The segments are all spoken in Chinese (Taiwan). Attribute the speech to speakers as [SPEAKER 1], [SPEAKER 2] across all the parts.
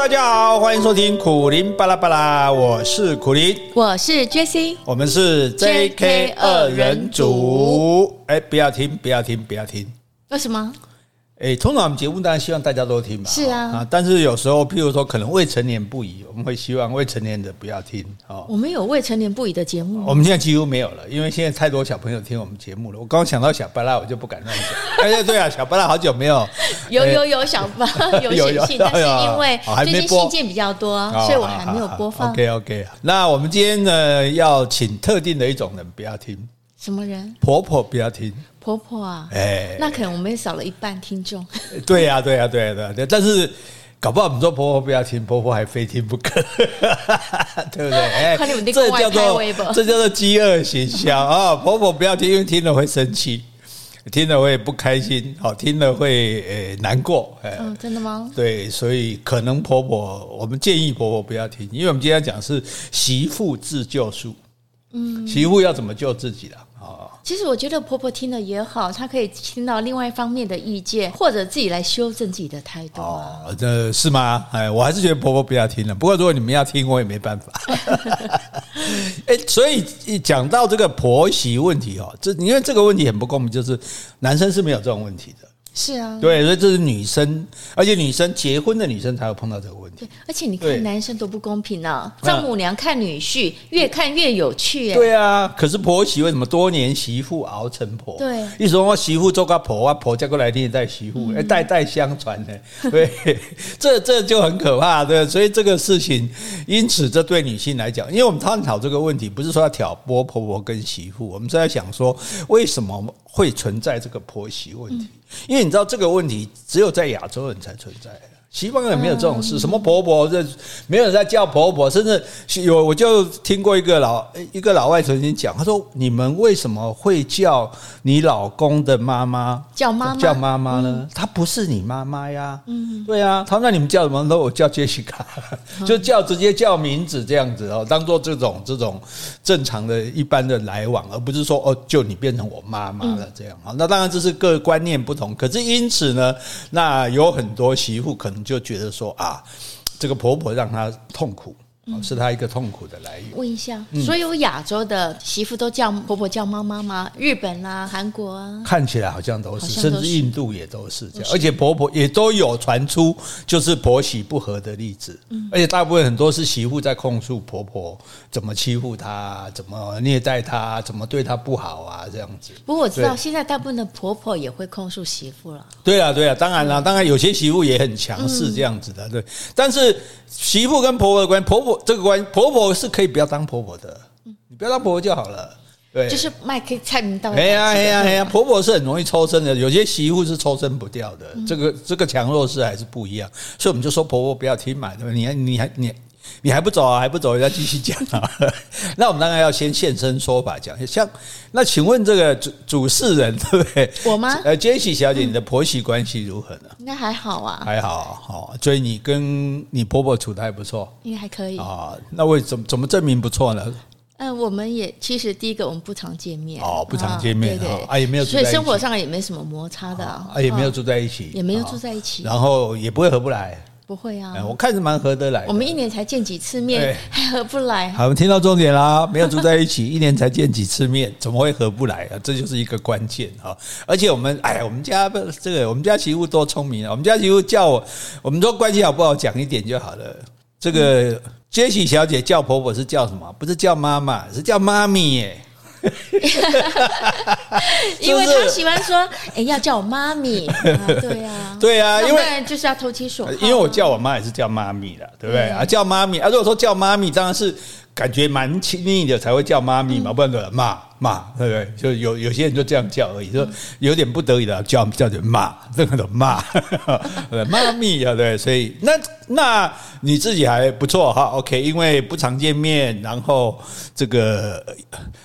[SPEAKER 1] 大家好，歡迎收聽《苦苓巴拉巴拉》，我是苦苓，
[SPEAKER 2] 我是 Jessy，
[SPEAKER 1] 我們是 JK J K 二人組。哎、欸，不要聽，不要聽，不要聽，
[SPEAKER 2] 為什麼？
[SPEAKER 1] 哎、欸，通常我們節目當然希望大家都聽吧，是啊，但是有時候，譬如說，可能未成年不宜，我們會希望未成年的不要聽。
[SPEAKER 2] 我們有未成年不宜的節目？我們現
[SPEAKER 1] 在幾乎沒有了，因為現在太多小朋友聽我們節目了。我剛想到小巴拉，我就不敢亂講。 哎呀，對啊，小巴拉好久沒有。
[SPEAKER 2] 有有有，小巴拉有信，但是因為最近信件比較多，所以我還沒
[SPEAKER 1] 有播放。OK OK 啊，那我們今天呢要請特定的一種人不要聽。什麼人？婆婆不要聽。
[SPEAKER 2] 婆婆啊，
[SPEAKER 1] 哎，那可
[SPEAKER 2] 能我們也少了一半聽眾。
[SPEAKER 1] 對呀、啊，對呀、啊，對、啊、對、啊、對、啊。但是搞不好我們說婆婆不要聽，婆婆還非聽不可， 對不對？哎，看你們這叫做這叫做飢餓行銷啊！婆婆不要聽，因為聽了會生氣，聽了會不開心，好聽了會誒難過，哎、嗯，真的嗎？對，所以可能婆婆，我們建議婆婆不要聽，因為我們今天要講是媳婦自救術，嗯，媳婦要怎麼救自己了、啊？
[SPEAKER 2] 其實我覺得婆婆聽了也好，她可以聽到另外一方面的意見，或者自己來修正自己的態度啊。
[SPEAKER 1] 哦，這是嗎？哎，我還是覺得婆婆不要聽了。不過如果你們要聽，我也沒辦法。哎， 欸，所以一講到這個婆媳問題哦，這因為這個問題很不公平，就是男生是沒有這種問題的。是啊，對，所以這是女生，而且女生結婚的女生才會碰到這個問題。
[SPEAKER 2] 對，而且你看男生多不公平呢？啊，丈母娘看女婿越看越有趣，欸。對
[SPEAKER 1] 啊，可是婆媳為什麼多年媳婦熬成婆？對，一說我媳婦做個婆啊，我婆嫁過來你天帶媳婦，哎，嗯欸，代代相傳呢，欸，對， 這這就很可怕，啊。對，所以這個事情，因此這對女性來講，因為我們探討這個問題，不是說要挑撥婆婆、婆跟媳婦，我們是在想說為什麼。會存在這個婆媳問題，因為你知道這個問題只有在亞洲人才存在。西方也沒有這種事，什麼婆婆這沒有在叫婆婆，甚至有我就聽過一個老一個老外曾經講，他說：“你們為什麼會叫你老公的媽媽叫媽媽叫媽媽呢？她不是你媽媽呀。”嗯，對啊，他說那你們叫什麼？那我叫 Jessica，就叫直接叫名字這樣子哦，當做這種這種正常的一般的來往，而不是說哦就你變成我媽媽了這樣啊。那當然這是各個觀念不同，可是因此呢，那有很多媳婦可能。就覺得說啊，這個婆婆讓她痛苦。是他一個痛苦的來源。
[SPEAKER 2] 問一下，嗯、所有亞洲的媳婦都叫婆婆叫媽媽嗎？日本啊，韓國
[SPEAKER 1] 啊，看起來好像，好像都是，甚至印度也都是這樣。而且婆婆也都有傳出就是婆媳不和的例子。嗯、而且大部分很多是媳婦在控訴婆婆怎麼欺負她，怎麼虐待她，怎麼對她不好啊，這樣子。不過我知道現
[SPEAKER 2] 在大部分的婆婆也會控訴媳婦了、
[SPEAKER 1] 啊。對啊，對啊，當然了、嗯，當然有些媳婦也很強勢這樣子的、嗯，對。但是媳婦跟婆婆的關係，婆婆。這個關係，婆婆是可以不要當婆婆的、嗯，你不要當婆婆就好了。對，就是
[SPEAKER 2] 賣菜名到道，哎。哎呀哎呀哎呀，
[SPEAKER 1] 婆婆是很容易抽身的，有些媳婦是抽身不掉的。嗯、這個這個強弱是還是不一樣，所以我們就說婆婆不要聽嘛，對吧？你還你還你。你你你還不走啊？還不走？要繼續講啊？ 那我們當然要先現身說法，講一下像那，請問這個主主事人對不對？我嗎？呃杰西小姐、嗯，你的婆媳關係如何呢？應該還好啊，還好。好、哦，所以你跟你婆婆處得還不錯，應該還可以啊、哦。那為怎怎麼證明不錯呢？嗯、呃，
[SPEAKER 2] 我們也其實第一個我們不常見面，哦，不常見面、哦對對哦、啊，
[SPEAKER 1] 啊也沒有，所以生活
[SPEAKER 2] 上也沒什麼摩擦的啊也沒有
[SPEAKER 1] 住在一起，啊、也
[SPEAKER 2] 沒有住在一起、哦在一起，哦在一起哦，然
[SPEAKER 1] 後也不會合不來。不會啊，我看是蠻合得來的。我們
[SPEAKER 2] 一年才見幾次面，還合不來？好，
[SPEAKER 1] 我們聽到重點啦，沒有住在一起， 一年才見幾次面，怎麼會合不來啊？這就是一個關鍵哈。而且我們，哎，我們家的這個，我們家媳婦多聰明啊。我們家媳婦叫我，我們說關係好不好，講一點就好了。這個、嗯、Jessy 小姐叫婆婆是叫什麼？不是叫媽媽，是叫媽咪耶。
[SPEAKER 2] 因為他喜歡說“哎、就是欸，要叫我媽咪、啊”。
[SPEAKER 1] 對啊對啊，因為
[SPEAKER 2] 就是要投其所好。因
[SPEAKER 1] 為我叫我媽也是叫媽咪的，對不對、嗯、啊？叫媽咪啊？如果說叫媽咪，當然是。感覺蠻親密的才會叫媽咪嘛、嗯，不然叫媽媽，對不對？就有有些人就這樣叫而已，就有點不得已的叫叫人媽，這個媽，媽咪，對不對？所以那那你自己還不錯哈，OK，因為不常見面，然後這個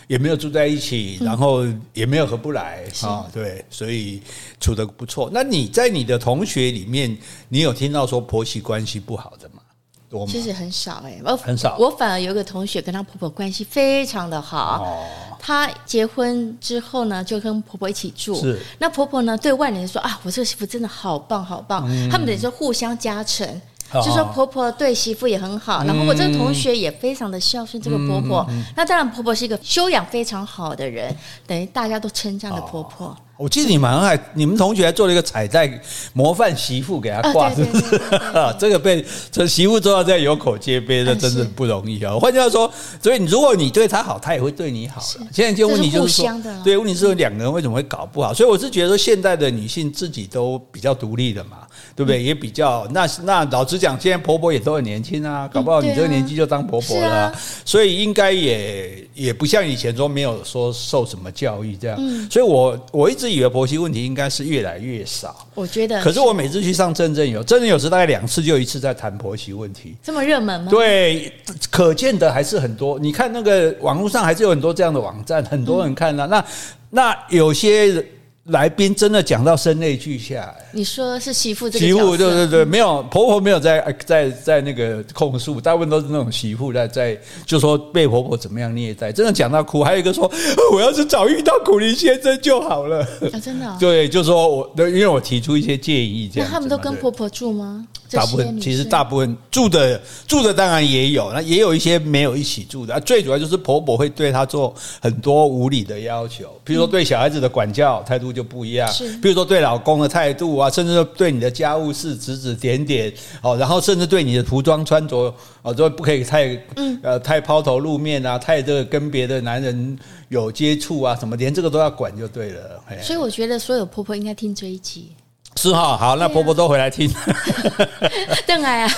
[SPEAKER 1] 也沒有住在一起，然後也沒有合不來啊、嗯哦，對，所以處得不錯。那你在你的同學裡面，你有聽到說婆媳關係不好的嗎？其實
[SPEAKER 2] 很少哎、欸，我很少。我反而有個同學，跟她婆婆關係非常的好。她、哦、結婚之後呢，就跟婆婆一起住。那婆婆呢，對外人說啊，我這個媳婦真的好棒，好棒。嗯、他們等於說互相加成、哦，就說婆婆對媳婦也很好、哦，然後我這個同學也非常的孝順這個婆婆。嗯、那當然，婆婆是一個修養非常好的人，等於大家都稱讚的婆婆。哦
[SPEAKER 1] 我記得你們還、你們同學還做了一個彩帶，模範媳婦給他掛，是不是？哦、對對對對對對 這個被這媳婦做到這樣有口皆碑、嗯、這真的不容易啊！換句話說，所以你如果你對他好，他也會對你好的。現在就問題就是說，是對，問題是說，兩個人為什麼會搞不好？所以我是覺得說，現在的女性自己都比較獨立的嘛。對不對？嗯、也比較那那老實講，現在婆婆也都很年輕啊，搞不好你這個年紀就當婆婆了，啊。嗯、啊啊所以應該也也不像以前說沒有說受什麼教育這樣。嗯、所以我我一直以為婆媳問題應該是越來越少，
[SPEAKER 2] 我覺得。可是
[SPEAKER 1] 我每次去上鄭政友，鄭政友有時大概兩次就一次在談婆媳問題，
[SPEAKER 2] 這麼熱門嗎？
[SPEAKER 1] 對，可見的還是很多。你看那個網絡上還是有很多這樣的網站，很多人看了，啊。嗯、那那有些人。來賓真的講到聲淚俱下。
[SPEAKER 2] 你說是媳婦這個角色媳婦，對對對，沒
[SPEAKER 1] 有婆婆沒有在在在那個控訴，大部分都是那種媳婦在在就說被婆婆怎麼樣虐待，真的講到哭。還有一個說，我要是早遇到苦苓先生就好了啊，真的、哦。對，就說我，因為我提出一些建議，這樣。那他
[SPEAKER 2] 們都跟婆婆住嗎？大部分其實大
[SPEAKER 1] 部分住的住的當然也有，那也有一些沒有一起住的。最主要就是婆婆會對她做很多無理的要求，比如說對小孩子的管教態度就不一樣，嗯、比如說對老公的態度啊，甚至對你的家務事指指點點。哦，然後甚至對你的服裝穿着，哦，都不可以太嗯呃太拋頭露面啊，太這個跟別的男人有接觸啊，什麼連這個都要管就對了。所以
[SPEAKER 2] 我覺得所有婆婆應該聽這一集。
[SPEAKER 1] 是哈，好，那婆婆都回來聽
[SPEAKER 2] 鄧艾啊，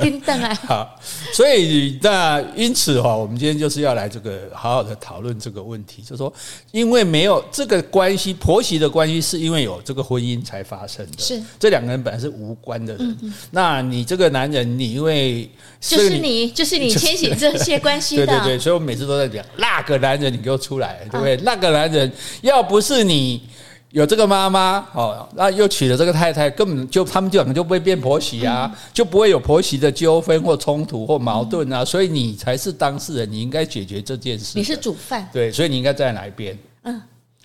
[SPEAKER 2] 聽鄧艾。
[SPEAKER 1] 好，所以那因此哈，我們今天就是要來這個好好的討論這個問題，就是說，因為沒有這個關係，婆媳的關係是因為有這個婚姻才發生的。是，這兩個人本來是無關的人。人、嗯嗯、那你這個男人，你因為是你就是你，
[SPEAKER 2] 就是你牽起這些關係的。對對對，所
[SPEAKER 1] 以我每次都在講，那個男人你給我出來，對不對？Okay. 那個男人要不是你。有這個媽媽哦，那又娶了這個太太，根本就他們就兩個就不會變婆媳啊，嗯、就不會有婆媳的糾紛或衝突或矛盾啊、嗯。所以你才是當事人，你應該解決這件事。你
[SPEAKER 2] 是主犯，
[SPEAKER 1] 對，所以你應該在哪一邊？
[SPEAKER 2] 嗯，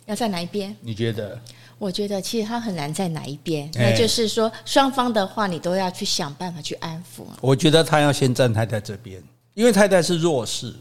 [SPEAKER 2] 要在哪一邊？你覺得？我覺得其實他很難在哪一邊，那就是說雙、欸、方的話，你都要去想辦法去安撫。
[SPEAKER 1] 我覺得他要先站太太這邊，因為太太是弱勢。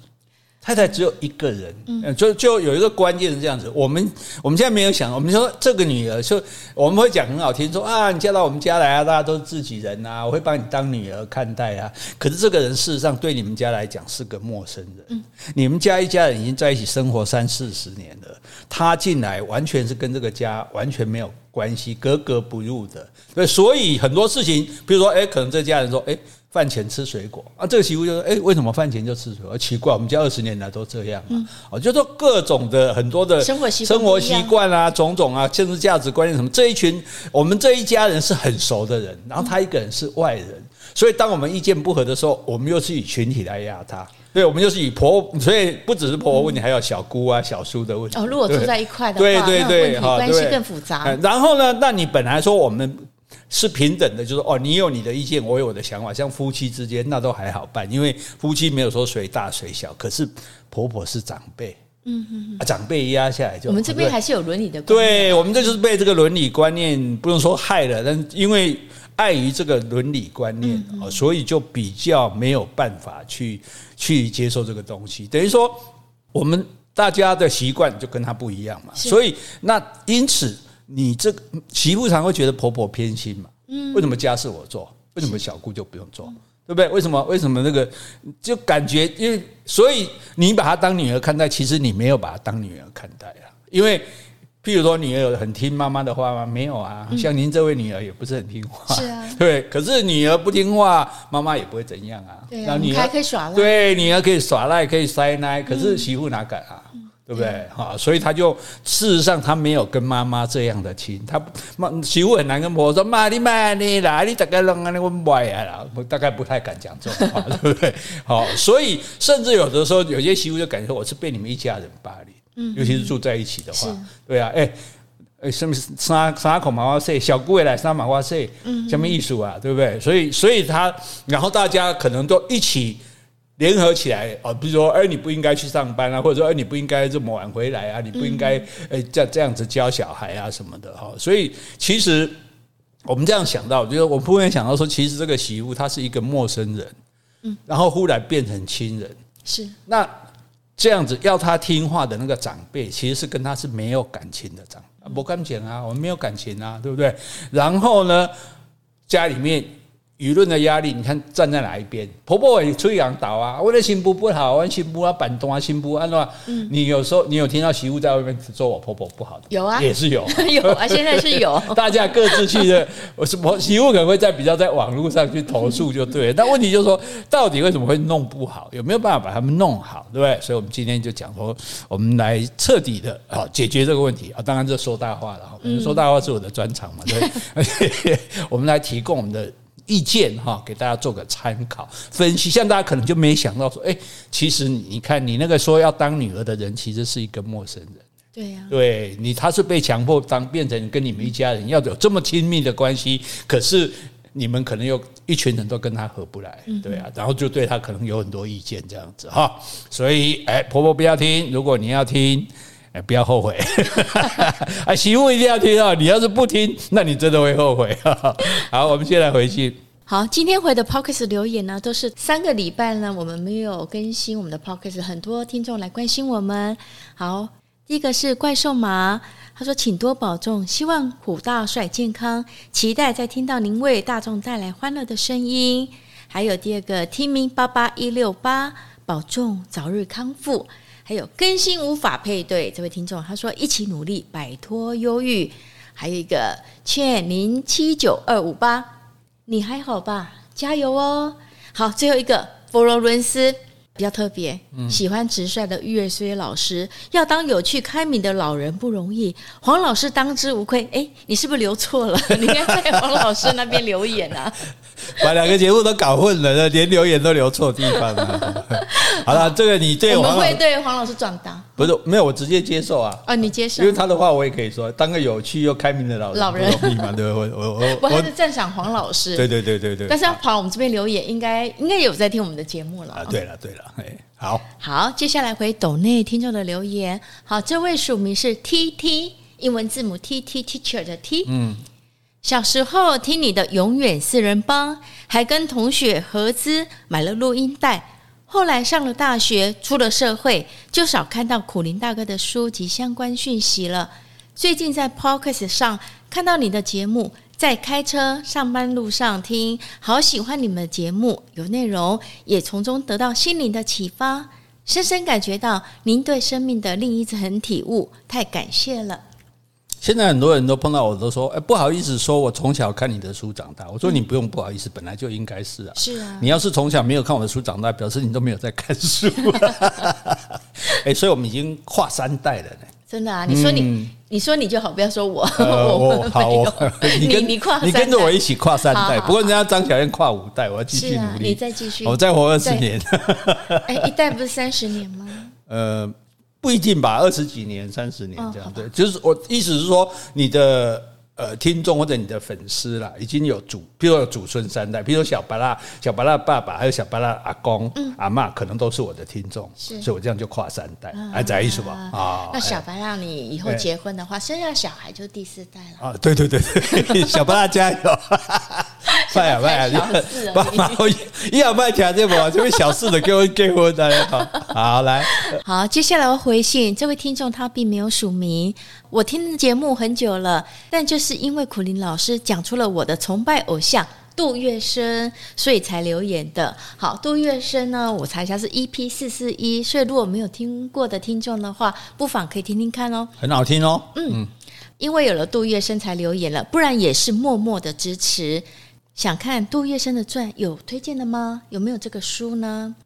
[SPEAKER 1] 太太只有一個人，嗯，就就有一個觀念是這樣子。我們我們現在沒有想，我們說這個女兒，就我們會講很好聽，說啊，你嫁到我們家來啊，大家都是自己人啊，我會把你當女兒看待啊。可是這個人事實上對你們家來講是個陌生人。你們家一家人已經在一起生活三四十年了，他進來完全是跟這個家完全沒有關係，格格不入的。所以很多事情，比如說，誒，可能這家人說，誒。飯前吃水果啊，這個媳婦就是說：“誒、欸、為什麼飯前就吃水果？奇怪，我們家二十年來都這樣啊。嗯”就是、說各種的很多的生活習生活習慣啊、嗯，種種啊，政治價值觀念什麼，這一群我們這一家人是很熟的人，然後他一個人是外人，所以當我們意見不合的時候，我們又是以群體來壓他。對，我們又是以婆，所以不只是婆婆問題，還有小姑啊、小叔的問題。哦，如果住在一塊的
[SPEAKER 2] 話，對對對，對，對，哈，關係更複雜。
[SPEAKER 1] 然後呢，那你本來說我們。是平等的，就是哦，你有你的意見，我有我的想法，像夫妻之間那都還好辦，因為夫妻沒有說誰大誰小，可是婆婆是長輩，嗯嗯、啊，長輩壓下來就我們這邊還是
[SPEAKER 2] 有倫理的觀念，對,
[SPEAKER 1] 對我們這就是被這個倫理觀念不用說害了，但因為礙於這個倫理觀念啊、嗯，所以就比較沒有辦法去去接受這個東西，等於說我們大家的習慣就跟他不一樣嘛，所以那因此。你這個媳婦常會覺得婆婆偏心嘛？嗯，為什麼家事我做，為什麼小姑就不用做，對不對？為什麼？為什麼那個就感覺，因為所以你把她當女兒看待，其實你沒有把她當女兒看待啊。因為，譬如說，女兒有很聽媽媽的話嗎？沒有啊。像您這位女兒也不是很聽話，是啊。對，可是女兒不聽話，媽媽也不會怎樣啊。對，然後，女兒可以耍賴，對，女兒可以耍賴，可以塞奶，可是媳婦哪敢啊？對不對？哈，所以他就事實上他沒有跟媽媽這樣的親，他媳婦很難跟婆婆說媽，你媽你來，你大概弄那你我呀啦，大概不太敢講這種話，對不對？好， 所以甚至有的時候，有些媳婦就感覺我是被你們一家人霸凌， 尤其是住在一起的話，mm -hmm. 對啊，哎、欸，什麼三三口麻花菜，小姑也來三麻花菜，嗯、mm -hmm.，什麼藝術啊，對不對？所以，所以他然後大家可能都一起。聯合起來，比如說，哎，你不應該去上班啊，或者說，哎，你不應該這麼晚回來啊，你不應該，哎，這樣這樣子教小孩啊什麼的哈。所以其實我們這樣想到，就是我們不會想到說，其實這個媳婦她是一個陌生人，嗯，然後忽然變成親人，嗯，是那這樣子要他聽話的那個長輩，其實是跟他是沒有感情的長輩。我剛講啊，我們沒有感情啊，對不對？然後呢，家裡面。輿論的壓力，你看站在哪一邊？婆婆也吹洋倒啊，為了媳婦不好，為了媳婦啊板東啊媳婦啊，你有時候你有聽到媳婦在外面說我婆婆不好的，有啊，也是有，有啊，現在是有， 大家各自去的，什麼媳婦可能會在比較在網絡上去投訴，就對了。但問題就是說，到底為什麼會弄不好？有沒有辦法把他們弄好，對不對？所以我們今天就講說，我們來徹底的啊解決這個問題啊，當然這說大話了哈，說大話是我的專長嘛，對，我們來提供我們的。意見哈，給大家做個參考分析。像大家可能就沒想到說，誒，其實你看，你那個說要當女兒的人，其實是一個陌生人。對呀，對你，他是被強迫當變成跟你們一家人要有這麼親密的關係，可是你們可能又一群人都跟他合不來，對啊，然後就對他可能有很多意見這樣子哈。所以，誒，婆婆不要聽，如果你要聽。唉，不要後悔！啊，媳婦一定要聽啊，你要是不聽，那你真的會後悔。好，我們先來回去。
[SPEAKER 2] 好，今天回的 Podcast 留言呢，都是三個禮拜呢，我們沒有更新我們的 Podcast，很多聽眾來關心我們。好，第一個是怪獸馬，他說：“請多保重，希望苦大帥健康，期待再聽到您為大眾帶來歡樂的聲音。”還有第二個，聽名八八一六八，保重，早日康復。還有更新無法配對，這位聽眾他說，一起努力擺脫憂鬱。還有一個欠零七九二五八，79258, 你還好吧？加油哦！好，最後一個佛羅倫斯。比較特別，喜歡直率的玉瑞老師，要當有趣開明的老人不容易，黃老師當之無愧。哎、欸，你是不是留錯了？你應該在黃老師那邊留言啊？
[SPEAKER 1] 把兩個節目都搞混了，連留言都留錯地方了。好了，這個你對我們會
[SPEAKER 2] 對黃老師轉達，
[SPEAKER 1] 不是沒有我直接接受啊。
[SPEAKER 2] 啊、哦，你接受，因為他的
[SPEAKER 1] 話我也可以說，當個有趣又開明的老，老人對我我我還是
[SPEAKER 2] 讚賞黃老師。對對
[SPEAKER 1] 對對，對但是要
[SPEAKER 2] 跑我們這邊留言，應該應該有在聽我們的節目了。啊，對
[SPEAKER 1] 了對了。好，
[SPEAKER 2] 好，接下來回斗內聽眾的留言。好，這位署名是 T T，英文字母 T T Teacher 的 T。嗯，小時候聽你的《永遠四人幫》，還跟同學合資買了錄音帶。後來上了大學，出了社會，就少看到苦苓大哥的書及相關訊息了。最近在 Podcast 上看到你的節目。在開車上班路上聽，好喜歡你們的節目，有內容，也從中得到心靈的啟發，深深感覺到您對生命的另一層體悟，太感謝了。
[SPEAKER 1] 現在很多人都碰到我都說，欸，不好意思說，說我從小看你的書長大。我說，你不用不好意思，嗯，本來就應該是啊。是啊，你要是從小沒有看我的書長大，表示你都沒有在看書。哎， 欸，所以我們已經跨三代了呢。真的
[SPEAKER 2] 啊！你說你、嗯，你說你就好，不要說我，呃、我 好我，你跟你跨，你跟着我一起跨三代。不過人家
[SPEAKER 1] 張小燕跨五代，我要繼續努力。啊、你再繼
[SPEAKER 2] 續，我再活二十年。哎、 欸，一代不是三十年
[SPEAKER 1] 嗎？呃，不一定吧，二十幾年、三十年這樣子、哦。就是我意思是說你的。呃，聽眾或者你的粉絲啦，已經有祖，比如有祖孫三代，比如小白啦，小白啦爸爸，還有小白啦阿公、嗯、阿嬤，可能都是我的聽眾，所以我這樣就跨三代，還、嗯、在意術吧？啊、哦，那
[SPEAKER 2] 小白啦你以後結婚的話，生、欸、下小孩就第四代了
[SPEAKER 1] 啊？對對對對，小白啦加油！ 拜啊拜啊！你不好一兩賣起來就這位小事的給我給我大家好，好來
[SPEAKER 2] 好。接下來我回信，這位聽眾他並沒有署名，我聽節目很久了，但就是因為苦苓老師講出了我的崇拜偶像杜月笙，所以才留言的。好，杜月笙呢，我查一下是 EP 四四一，所以如果沒有聽過的聽眾的話，不妨可以聽聽看哦，
[SPEAKER 1] 很好聽哦。嗯，嗯，
[SPEAKER 2] 因為有了杜月笙才留言了，不然也是默默的支持。想看杜月笙的傳，有推薦的嗎？有沒有這個書呢？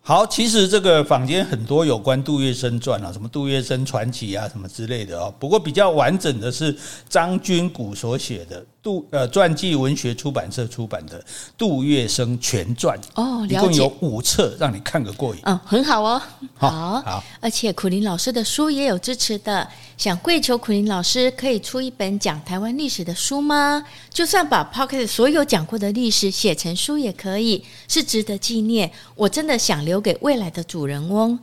[SPEAKER 1] 好，其實這個坊間很多有關杜月笙傳啊，什麼杜月笙傳奇啊，什麼之類的啊、哦。不過比較完整的是章君穀所寫的。杜呃傳記文學出版社出版的《杜月笙全傳》哦，一共有五冊，讓你看個過癮。嗯、哦，很好哦好，好，好。
[SPEAKER 2] 而且苦苓老師的書也有支持的，想跪求苦苓老師可以出一本講台灣歷史的書嗎？就算把 Podcast 所有講過的歷史寫成書也可以，是值得紀念。我真的想留給未來的主人翁，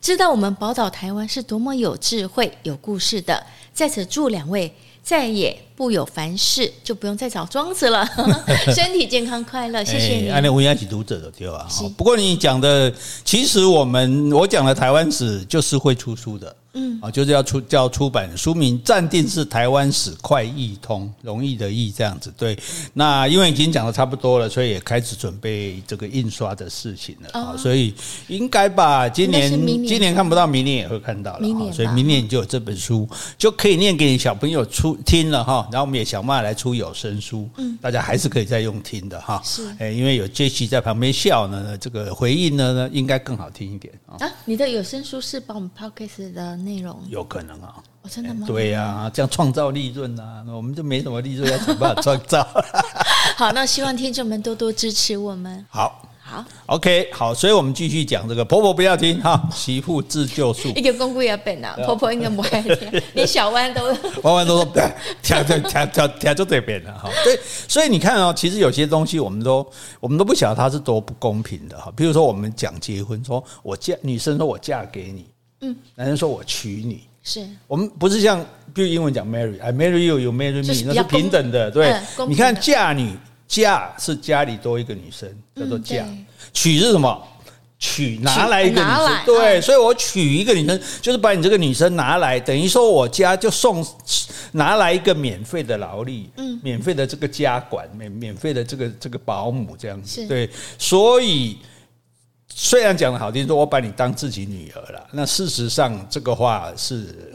[SPEAKER 2] 知道我們寶島台灣是多麼有智慧、有故事的。在此祝兩位。再也不有凡事就不用再找莊子了。 身體健康、快樂，謝謝你。歡迎
[SPEAKER 1] 吳雅啟讀者的，對吧？不過你講的，其實我們我講的台灣史就是會出書的。嗯啊，就是要出，要出版書名暫定是《台灣史快易通》，容易的易這樣子。對，那因為已經講得差不多了，所以也開始準備這個印刷的事情了啊、哦。所以應該吧，今年，年今年看不到，明年也會看到了。明年。所以明年你就有這本書，就可以念給你小朋友出聽了哈。然後我們也想辦法來出有聲書，嗯，大家還是可以再用聽的哈。是、嗯，哎、嗯，因為有傑西在旁邊笑呢，這個回應呢應該更好聽一點啊。
[SPEAKER 2] 你的有聲書是幫我們 podcast 的。內容有可能啊？真的嗎？對
[SPEAKER 1] 呀，這樣創造利潤吶，那我們就沒什麼利潤，要想辦法創造。
[SPEAKER 2] 好，那希望聽眾們多多支持我們。好，
[SPEAKER 1] 好，OK，好，所以，我們繼續講這個。婆婆不要聽哈，媳婦自救術。一個
[SPEAKER 2] 公公也要變啊，婆婆應該不會變，連小彎
[SPEAKER 1] 都彎彎都說變，調調調調調就這邊了哈。所以，所以你看哦，其實有些東西我們都我們都不曉得它是多不公平的哈。比如說我們講結婚，說我嫁女生，說我嫁給你。男人說：“我娶你。”是我們不是像，比如英文講 “marry”，I marry you, you marry me，是那是平等的。對，嗯、你看“嫁女”，嫁是家裡多一個女生，叫做嫁；嗯、娶是什麼？娶拿來一個女生，對，對，所以我娶一個女生，嗯，就是把你這個女生拿來，等於說我家就送拿來一個免費的勞力，嗯，免費的這個家管，免免費的這個這個保姆這樣子，對，所以。雖然講的好聽，說我把你當自己女兒了，那事實上這個話是，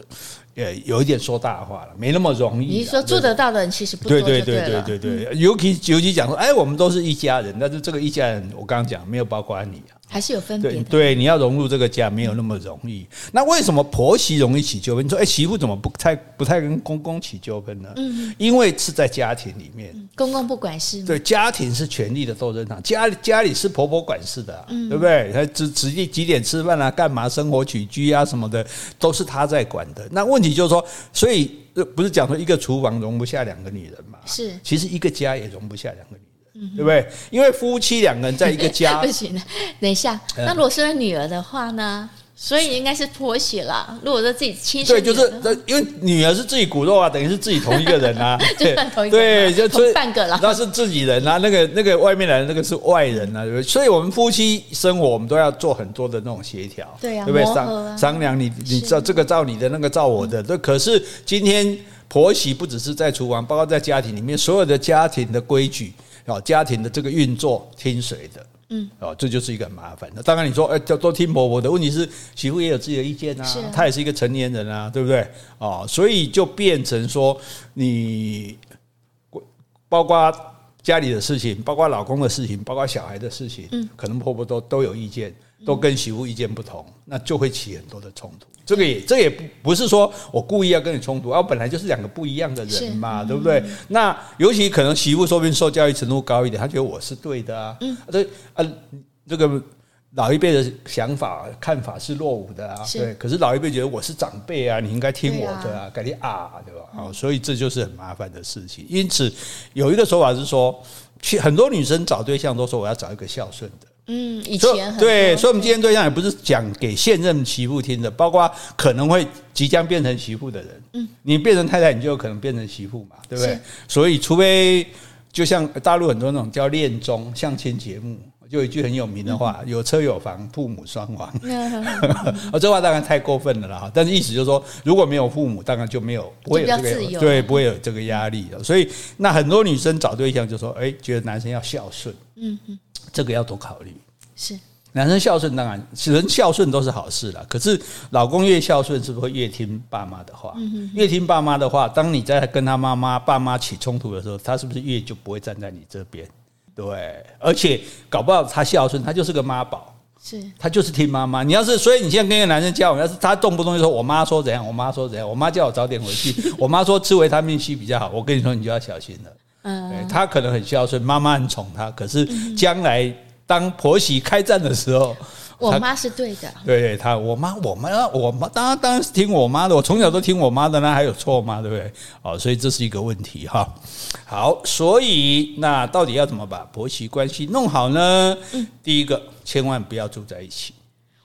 [SPEAKER 1] 呃，有一點說大話了，沒那麼容易。你說做得
[SPEAKER 2] 到的人其實不多，對，對對對對對
[SPEAKER 1] 對，尤其尤其講說，哎，我們都是一家人，但是這個一家人，我剛剛講沒有包括你啊。
[SPEAKER 2] 還是有分別的，
[SPEAKER 1] 對，你要融入這個家沒有那麼容易。那為什麼婆媳容易起糾紛？你說，哎、欸，媳婦怎麼不太不太跟公公起糾紛呢？嗯，因為是在家庭裡面，嗯、
[SPEAKER 2] 公公不管事。對，
[SPEAKER 1] 家庭是權力的鬥爭場。家家裡是婆婆管事的、啊嗯，對不對？他指指定幾點吃飯啊，幹嘛生活起居啊什麼的，都是他在管的。那問題就是說，所以不是講說一個廚房容不下兩個女人嘛？是，其實一個家也容不下兩個女人。對不對？因為夫妻兩個人在一個家， 不
[SPEAKER 2] 行。等一下，嗯，那如果生了女兒的話呢？所以應該是婆媳啦。如果說自己親生，對，就是
[SPEAKER 1] 因為女兒是自己骨肉啊，等於是自己同一個人啊，人，對，就同半個啦。那是自己人啊。那個那個外面來的那個是外人啊。對不對？所以，我們夫妻生活，我們都要做很多的那種協調，對啊，對不對？商商量，你你照這個照你的，那個照我的。對，可是今天。婆媳不只是在廚房，包括在家庭裡面，所有的家庭的規矩哦，家庭的這個運作聽誰的？嗯，哦，這就是一個很麻煩的。當然你說，誒、欸，叫都聽婆婆的，問題是媳婦也有自己的意見啊，啊，她也是一個成年人啊，對不對？哦，所以就變成說，你，包括家裡的事情，包括老公的事情，包括小孩的事情，嗯，可能婆婆都都有意見。都跟媳婦意見不同，那就會起很多的衝突。這個也這也不不是說我故意要跟你衝突啊，本來就是兩個不一樣的人嘛，對不對？嗯、那尤其可能媳婦說不定受教育程度高一點，她覺得我是對的啊，這，啊，這個老一輩的想法看法是落伍的啊，對。可是老一輩覺得我是長輩啊，你應該聽我的啊，改天啊，啊，啊，對吧？好、嗯，所以這就是很麻煩的事情。因此有一個說法是說，很多女生找對象都說我要找一個孝順的。
[SPEAKER 2] 嗯，以前很好以對，對，所
[SPEAKER 1] 以我們今天對象也不是講給現任媳婦聽的，包括可能會即將變成媳婦的人。嗯，你變成太太，你就有可能變成媳婦嘛，對不對？所以，除非就像大陸很多那種叫戀綜相親節目，就有一句很有名的話：嗯、有車有房，父母雙亡。啊、嗯， 這話當然太過分了啦，但是意思就是說，如果沒有父母，當然就沒有，不會有、這個、自由，對，不會有這個壓力。所以，那很多女生找對象就說：哎、欸，覺得男生要孝順。嗯嗯。這個要多考慮。
[SPEAKER 2] 是，
[SPEAKER 1] 男生孝順當然，人孝順都是好事啦。可是，老公越孝順，是不是越聽爸媽的話？嗯哼，越聽爸媽的話，當你在跟他媽媽、爸媽起衝突的時候，他是不是越就不會站在你這邊？對，而且搞不好他孝順，他就是個媽寶，是，他就是聽媽媽。你要是，所以你現在跟一個男生交往，要是他動不動就說我媽說怎樣，我媽說怎樣，我媽叫我早點回去， 我媽說吃維他命 C 比較好，我跟你說，你就要小心了。嗯，他可能很孝順，媽媽很寵他。可是將來當婆媳開戰的時候，
[SPEAKER 2] 嗯，我媽是對
[SPEAKER 1] 的。對，他，我媽，我媽，我媽，當然當然是聽我媽的。我從小都聽我媽的，那還有錯嗎？對不對？好，所以這是一個問題哈。好，所以那到底要怎麼把婆媳關係弄好呢？嗯，第一個，千萬不要住在一起。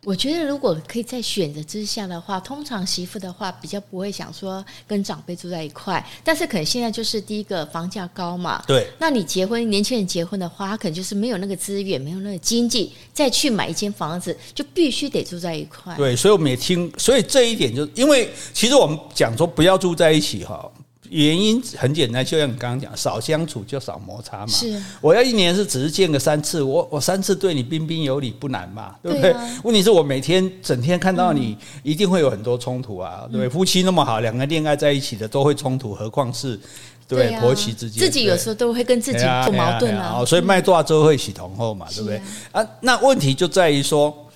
[SPEAKER 1] 我
[SPEAKER 2] 覺得，如果可以在選擇之下的話，通常媳婦的話比較不會想說跟長輩住在一塊。但是可能現在就是第一個房價高嘛，對，那你結婚年輕人結婚的話，他可能就是沒有那個資源，沒有那個經濟再去買一間房子，就必須得住在一塊。對，
[SPEAKER 1] 所以我們也聽，所以這一點就是，因為其實我們講說不要住在一起哈。原因很簡單，就像你剛剛講，少相處就少摩擦嘛。是，我要一年是只是見個三次，我我三次對你彬彬有禮不難嘛，對不對？對啊、問題是我每天整天看到你，嗯，一定會有很多衝突啊，對不對？嗯，夫妻那麼好，兩個戀愛在一起的都會衝突，何況是對、啊、對婆媳之間，自己有時
[SPEAKER 2] 候都會跟自己不、啊、矛盾啊。對啊對啊對啊，所以，
[SPEAKER 1] 賣多之周會起同後嘛，對不對啊？啊，那問題就在於說，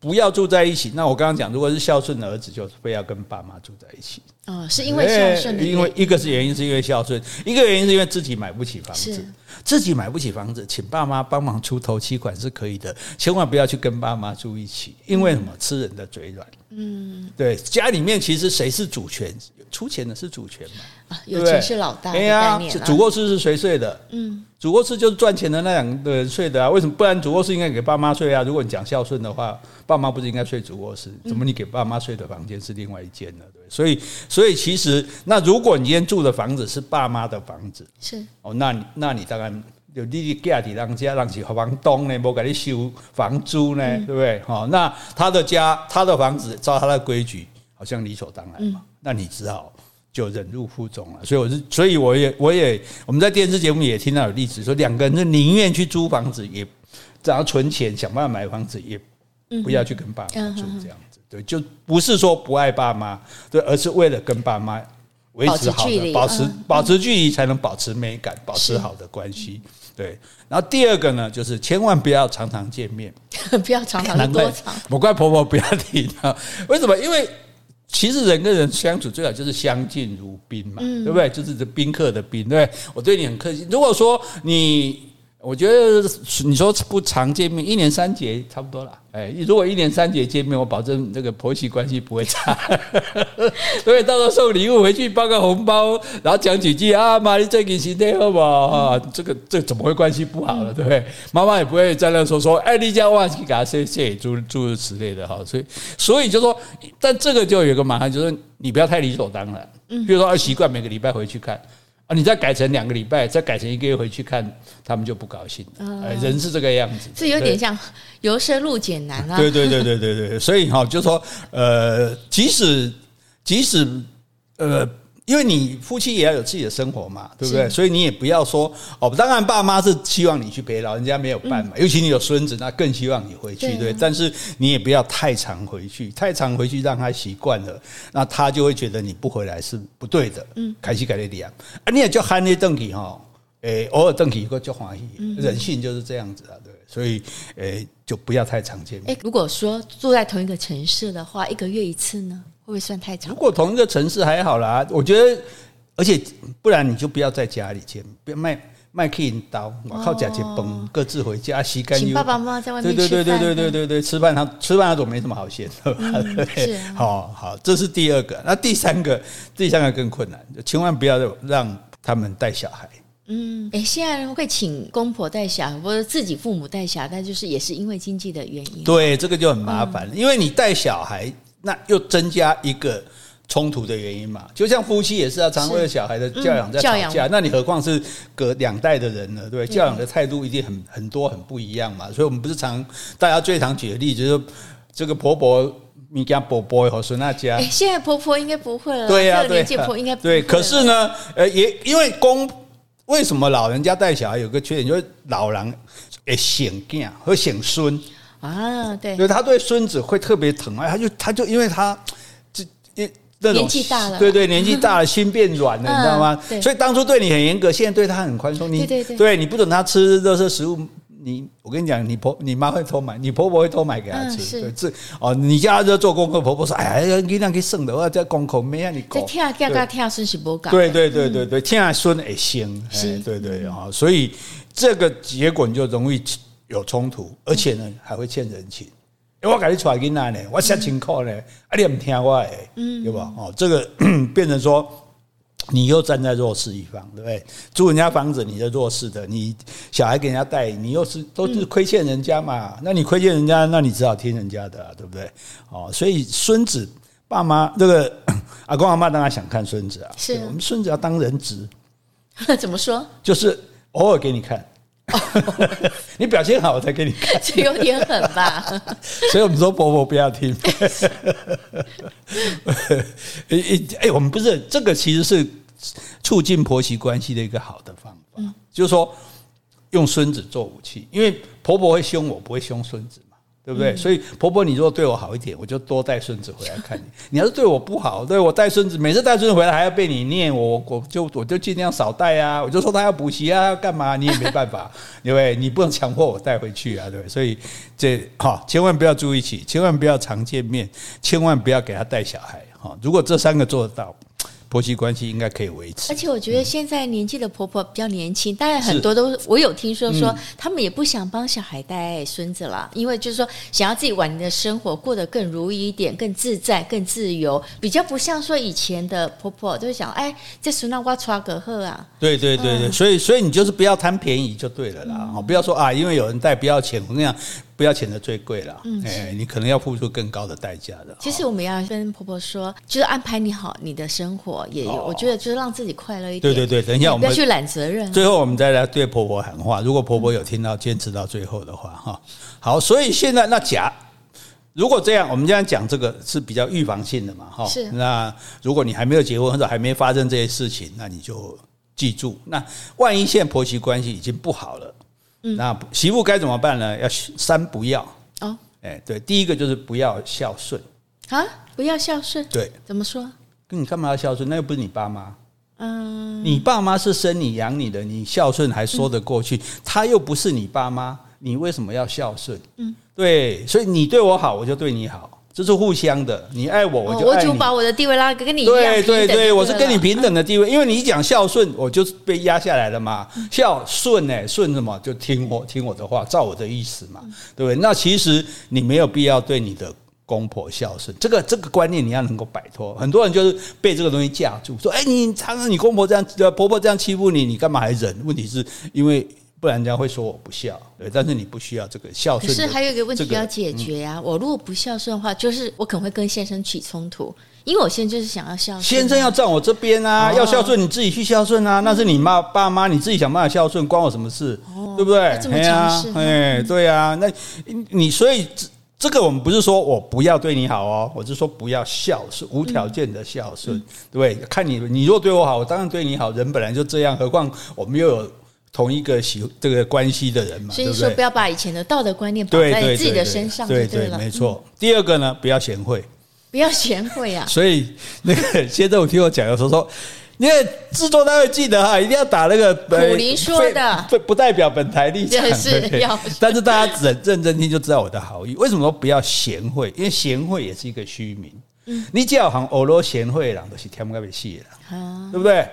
[SPEAKER 1] 不要住在一起。那我剛剛講，如果是孝順的兒子，就非要跟爸媽住在一起。
[SPEAKER 2] 哦，是因為孝順，因為
[SPEAKER 1] 一個是原因是因為孝順，一個原因是因為自己買不起房子。自己買不起房子，請爸媽幫忙出頭期款是可以的，千萬不要去跟爸媽住一起，因為什麼？吃人的嘴軟，嗯，對。家裡面其實誰是主權？出錢的是主權嘛？嗯、有錢是老大。對呀、欸，啊啊，主臥室是誰睡的？嗯，主臥室就是賺錢的那兩個人睡的啊。為什麼？不然主臥室應該給爸媽睡啊？如果你講孝順的話，爸媽不是應該睡主臥室？怎麼你給爸媽睡的房間是另外一間呢？對，所以，所以其實那如果你今天住的房子是爸媽的房子，是哦，那你，那你當。就你嫁在人家，人家房東呢、欸，沒給你收房租呢、欸嗯，對不對？那他的家，他的房子，照他的規矩，好像理所當然嘛。嗯、那你只好就忍辱負重了。所以我是，所以我也，我也，我們在電視節目也聽到有例子說，說兩個人就寧願去租房子也，也只要存錢，想辦法買房子也，也、嗯、不要去跟爸媽
[SPEAKER 2] 住這樣子、嗯啊
[SPEAKER 1] 好好。對，就不是說不愛爸媽，對，而是為了跟爸媽。持好保持距離，保持、嗯、保持距離才能保持美感，嗯、保持好的關係。對，然後第二個呢，就是千萬不要常常見面，
[SPEAKER 2] 不要常常多長。
[SPEAKER 1] 不怪婆婆，不要提她。啊，為什麼？因為其實人跟人相處最好就是相敬如賓嘛，嗯、對不對？就是賓客的賓，對，我對你很客氣。如果說你。我覺得你說不常見面，一年三節差不多了。哎，如果一年三節見面，我保證這個婆媳關係不會差。對，所以到時候送禮物回去，包個紅包，然後講幾句啊，媽你最近身體好不？這個這個、怎麼會關係不好了？對不對？媽媽也不會在那說說哎，你家忘記給他謝謝諸諸如此類的哈。所以所以就說，但這個就有個麻煩，就是說你不要太理所當然。嗯，比如說要習慣每個禮拜回去看。你再改成兩個禮拜，再改成一個月回去看，他們就不高興了。哎、呃，人是這個樣子，這有點像
[SPEAKER 2] 由奢入儉難啊。 對，對對對
[SPEAKER 1] 對對對，所以哈，就說呃，即使即使呃。因為你夫妻也要有自己的生活嘛，對不對？所以你也不要說哦，當然爸媽是希望你去陪老人家沒有辦法。嗯。尤其你有孫子，那更希望你回去，嗯，對不對？但是你也不要太常回去，太常回去讓他習慣了，那他就會覺得你不回來是不對的。嗯，改西改內地啊，啊你也叫喊咧，等起哈，誒，偶爾等起一個叫歡喜，人性就是這樣子啊，對不對？所以誒，呃，就不要太常見面。
[SPEAKER 2] 哎，如果說住在同一個城市的話，一個月一次呢？不會算太長。
[SPEAKER 1] 如果同一個城市還好啦，我覺得，而且不然你就不要在家裡接，別賣賣客人刀，我靠，假錢崩，各自回家洗乾淨。時間請爸
[SPEAKER 2] 爸媽媽在外面對對對對
[SPEAKER 1] 對對對、嗯、吃飯他，他吃飯那種沒什麼好嫌的吧？對，對是、啊，好好，這是第二個。那第三個，第三個更困難，就千萬不要讓他們帶小孩。
[SPEAKER 2] 嗯，哎，現在人會請公婆帶小孩，或者自己父母帶小孩，但就是也是因為經濟的原因。
[SPEAKER 1] 對，這個就很麻煩，嗯、因為你帶小孩。那又增加一個，衝突的原因嘛。就像夫妻也是啊，常為了小孩的教養在吵架。那你何況是隔兩代的人呢？對吧？教養的態度一定很很多很不一樣嘛。所以，我們不是常大家最常舉的例子，就是這個婆婆你家婆婆和孫那家，
[SPEAKER 2] 現在婆婆應該不會了，對呀，理婆應該對。可
[SPEAKER 1] 是呢，呃，也因為公為什麼老人家帶小孩有個缺點，就是老人會嫌囝會嫌孫。啊，對，就他對孫子會特別疼愛，他就他就因為他這一那種年紀大了，對對，年紀大了 心變軟了，嗯、你知道嗎？所以當初對你很嚴格，現在對他很寬鬆。你對，對，對，對，你不准他吃熱性食物。你我跟你講，你婆你媽會偷買，你婆婆會偷買給他吃。嗯、是哦，你家就做功課，婆婆說：“哎呀，你量給省的，我在關口沒讓你搞。對聽
[SPEAKER 2] 到聽到孫不敢”對對對對對，
[SPEAKER 1] 對，天、嗯、兒孫也行是、哎，對對啊，所以這個結果你就容易。有衝突，而且呢還會欠人情。欸、我跟你出來進來呢，我說清楚呢，啊，你唔聽我誒、嗯，對吧？哦，這個變成說你又站在弱勢一方，對不對？租人家房子你是弱勢的，你小孩給人家帶，你又是都是虧欠人家嘛。嗯、那你虧欠人家，那你只好聽人家的、啊，對不對？哦，所以孫子爸媽這個阿公阿媽當然想看孫子啊。是我們孫子要當人質，
[SPEAKER 2] 怎麼說？
[SPEAKER 1] 就是偶爾給你看。 你表現好，我才給你看。
[SPEAKER 2] 這有點狠吧？
[SPEAKER 1] 所以，我們說婆婆不要聽。哈，哎，我們不是，這個其實是促進婆媳關係的一個好的方法。就是說用孫子做武器，因為婆婆會凶我，不會凶孫子。對不對？所以婆婆，你如果對我好一點，我就多帶孫子回來看你。你要是對我不好，對我帶孫子，每次帶孫子回來還要被你念我，我就我就盡量少帶啊。我就說他要補習啊，要幹嘛？你也沒辦法，因為你不能強迫我帶回去啊，對不對？所以這哈，千萬不要住一起，千萬不要常見面，千萬不要給他帶小孩哈。如果這三個做得到。婆媳關係應該可以維持，
[SPEAKER 2] 而且我覺得現在年紀的婆婆比較年輕，當、嗯、然很多都我有聽說說、嗯、他們也不想幫小孩帶孫子了，因為就是說想要自己晚年的生活過得更如意一點，更自在、更自由，比較不像說以前的婆婆，就是想哎，這孫子我帶個好啊。
[SPEAKER 1] 對對對對、嗯，所以所以你就是不要貪便宜就對了啦，哦不要說啊，因為有人帶不要錢，我跟你講。不要錢的最貴了，哎、嗯欸，你可能要付出更高的代價的。其
[SPEAKER 2] 實我們要跟婆婆說，就是安排你好你的生活，也有、哦。我覺得就是讓自己快樂一點。對對
[SPEAKER 1] 對，等一下我們要去攬責任、啊。最後我們再來對婆婆喊話，如果婆婆有聽到堅持到最後的話，哈，好。所以現在那假，如果這樣，我們現在講這個是比較預防性的嘛，哈。是。那如果你還沒有結婚或者還沒發生這些事情，那你就記住，那萬一現在婆媳關係已經不好了。嗯、那媳婦該怎麼辦呢？要三不要哦，哎、欸，對，第一個就是不要孝順
[SPEAKER 2] 啊，不要孝順，對，怎麼說？
[SPEAKER 1] 你幹嘛要孝順？那又不是你爸媽，嗯，你爸媽是生你養你的，你孝順還說得過去，嗯，他又不是你爸媽，你為什麼要孝順？嗯，對，所以你對我好，我就對你好。這是互相的，你愛我，我就把
[SPEAKER 2] 我的地位拉給你。對對對，我是跟你
[SPEAKER 1] 平等的地位，因為你一講孝順，我就被壓下來了嘛。孝順哎、欸，順什麼？就聽我聽我的話，照我的意思嘛，對不對？那其實你沒有必要對你的公婆孝順，這個這個觀念你要能夠擺脫。很多人就是被這個東西架住，說、哎，誒你常常你公婆這樣，婆婆這樣欺負你，你幹嘛還忍？問題是因為。不然人家會說我不孝，對，但是你不需要這個孝順、這個。可是還有一個問題要解決
[SPEAKER 2] 呀、啊嗯，我如果不孝順的話，就是我可能會跟先生起衝突，因為我現在就是想要孝順、啊。先
[SPEAKER 1] 生要站我這邊啊、哦，要孝順你自己去孝順啊、嗯，那是你媽爸媽你自己想辦法孝順，關我什麼事？哦、對不對？哎呀，哎、啊，對啊。那你所以這這個我們不是說我不要對你好哦，我是說不要孝順，無條件的孝順，對、嗯、不、嗯、對？看你你若對我好，我當然對你好，人本來就這樣，何況我們又有。同一個喜這個關係的人嘛，所以說對不，
[SPEAKER 2] 對不要把以前的道德觀念綁在你自己的身上對，對對，對對？沒錯、嗯。
[SPEAKER 1] 第二個呢，不要賢惠，不要賢惠
[SPEAKER 2] 啊。
[SPEAKER 1] 所以那個現在我聽我講的時候說，因為制作單位記得哈，一定要打那個。呃、苦苓說的不代表本台立場，是對對要，但是大家認認真聽就知道我的好意。為什麼說不要賢惠？因為賢惠也是一個虛名。嗯、你只要行歐羅賢惠的人都是天不該被戲了，對不對？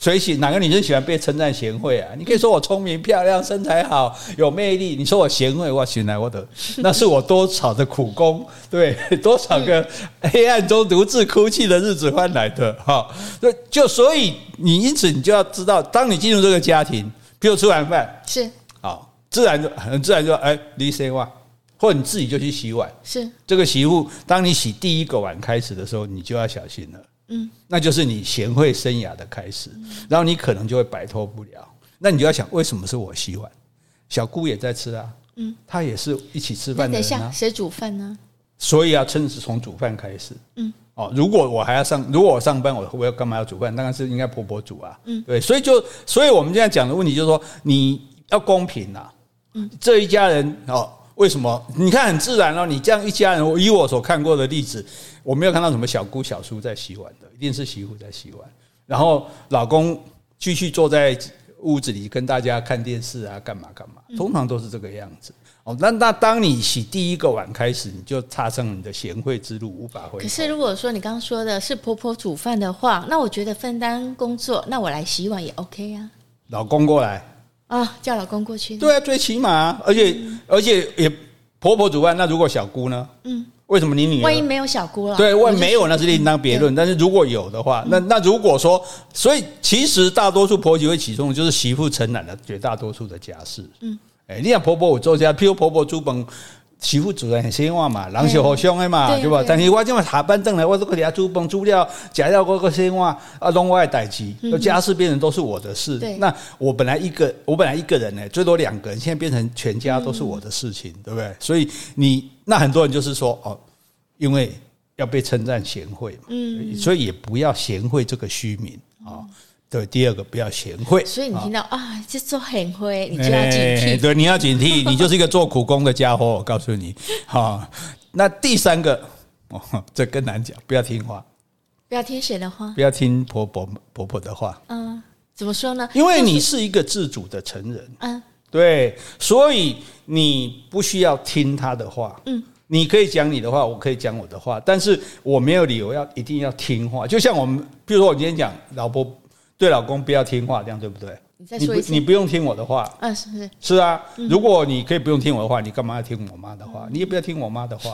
[SPEAKER 1] 所以，哪個女生喜歡被稱讚賢惠啊？你可以說我聰明、漂亮、身材好、有魅力。你說我賢惠，我喜來，我得。那是我多少的苦功，對，多少個黑暗中獨自哭泣的日子換來的哈。就就所以你因此你就要知道，當你進入這個家庭，比如吃完飯是好，自然就很自然就哎，你洗碗，或你自己就去洗碗是。這個媳婦，當你洗第一個碗開始的時候，你就要小心了。嗯，那就是你賢惠生涯的開始，然後你可能就會擺脫不了。那你就要想，為什麼是我洗碗？小姑也在吃啊，嗯，她也是一起吃飯，等一下
[SPEAKER 2] 誰煮飯呢？
[SPEAKER 1] 所以要趁是從煮飯開始。嗯，哦，如果我還要上，如果我上班，我我要幹嘛要煮飯？當然是應該婆婆煮啊。嗯，對，所以就，所以我們現在講的問題就是說，你要公平啊。嗯，這一家人哦。為什麼？你看很自然哦。你這樣一家人，我以我所看過的例子，我沒有看到什麼小姑小叔在洗碗的，一定是媳婦在洗碗。然後老公繼續坐在屋子裡跟大家看電視啊，幹嘛幹嘛，通常都是這個樣子。嗯、哦，那那當你洗第一個碗開始，你就踏上你的賢惠之路，無法回頭。可是
[SPEAKER 2] 如果說你剛剛說的是婆婆煮飯的話，那我覺得分擔工作，那我來洗碗也 OK 呀、啊。
[SPEAKER 1] 老公過來。
[SPEAKER 2] 啊，叫老公過去。對啊，
[SPEAKER 1] 最起碼、啊，而且、嗯、而且也婆婆主辦。那如果小姑呢？嗯，為什麼你女兒？萬一
[SPEAKER 2] 沒有小姑了？對，萬一沒有
[SPEAKER 1] 那是另當別論。但是如果有的話，嗯、那那如果說，所以其實大多數婆媳會起衝突，就是媳婦承攬了絕大多數的家事。嗯，哎、欸，你想婆婆我做家，譬如婆婆煮飯。媳婦做人很賢惠嘛，人是互相的嘛，對吧？但是我這麼下班回來了，我都擱里下做幫做掉，加料我個生活啊，攏我個代志，家事變成都是我的事、嗯。那我本來一個，我本來一個人呢，最多兩個人，現在變成全家都是我的事情，嗯、對不對？所以你那很多人就是說哦，因為要被稱讚賢惠，嗯，所以也不要賢惠這個虛名啊。哦對，第二個不要賢惠，所以你聽
[SPEAKER 2] 到、哦、啊，這做賢慧，你就要警惕，欸。
[SPEAKER 1] 對，你要警惕， 你就是一個做苦工的傢伙。我告訴你，哈、哦，那第三個，哦、這更難講，不要聽話，
[SPEAKER 2] 不要聽誰的話，不
[SPEAKER 1] 要聽婆婆婆婆的話。
[SPEAKER 2] 嗯，怎麼說呢？因為你是一個
[SPEAKER 1] 自主的成人。嗯，對，所以你不需要聽他的話。嗯，你可以講你的話，我可以講我的話，但是我沒有理由要一定要聽話。就像我們，比如說我今天講老婆。對老公不要聽話，這樣對不對？你再說一次。你不，你不用聽我的話啊！是不是？是啊、嗯！如果你可以不用聽我的話，你幹嘛要聽我媽的話？嗯、你也不要聽我媽的話。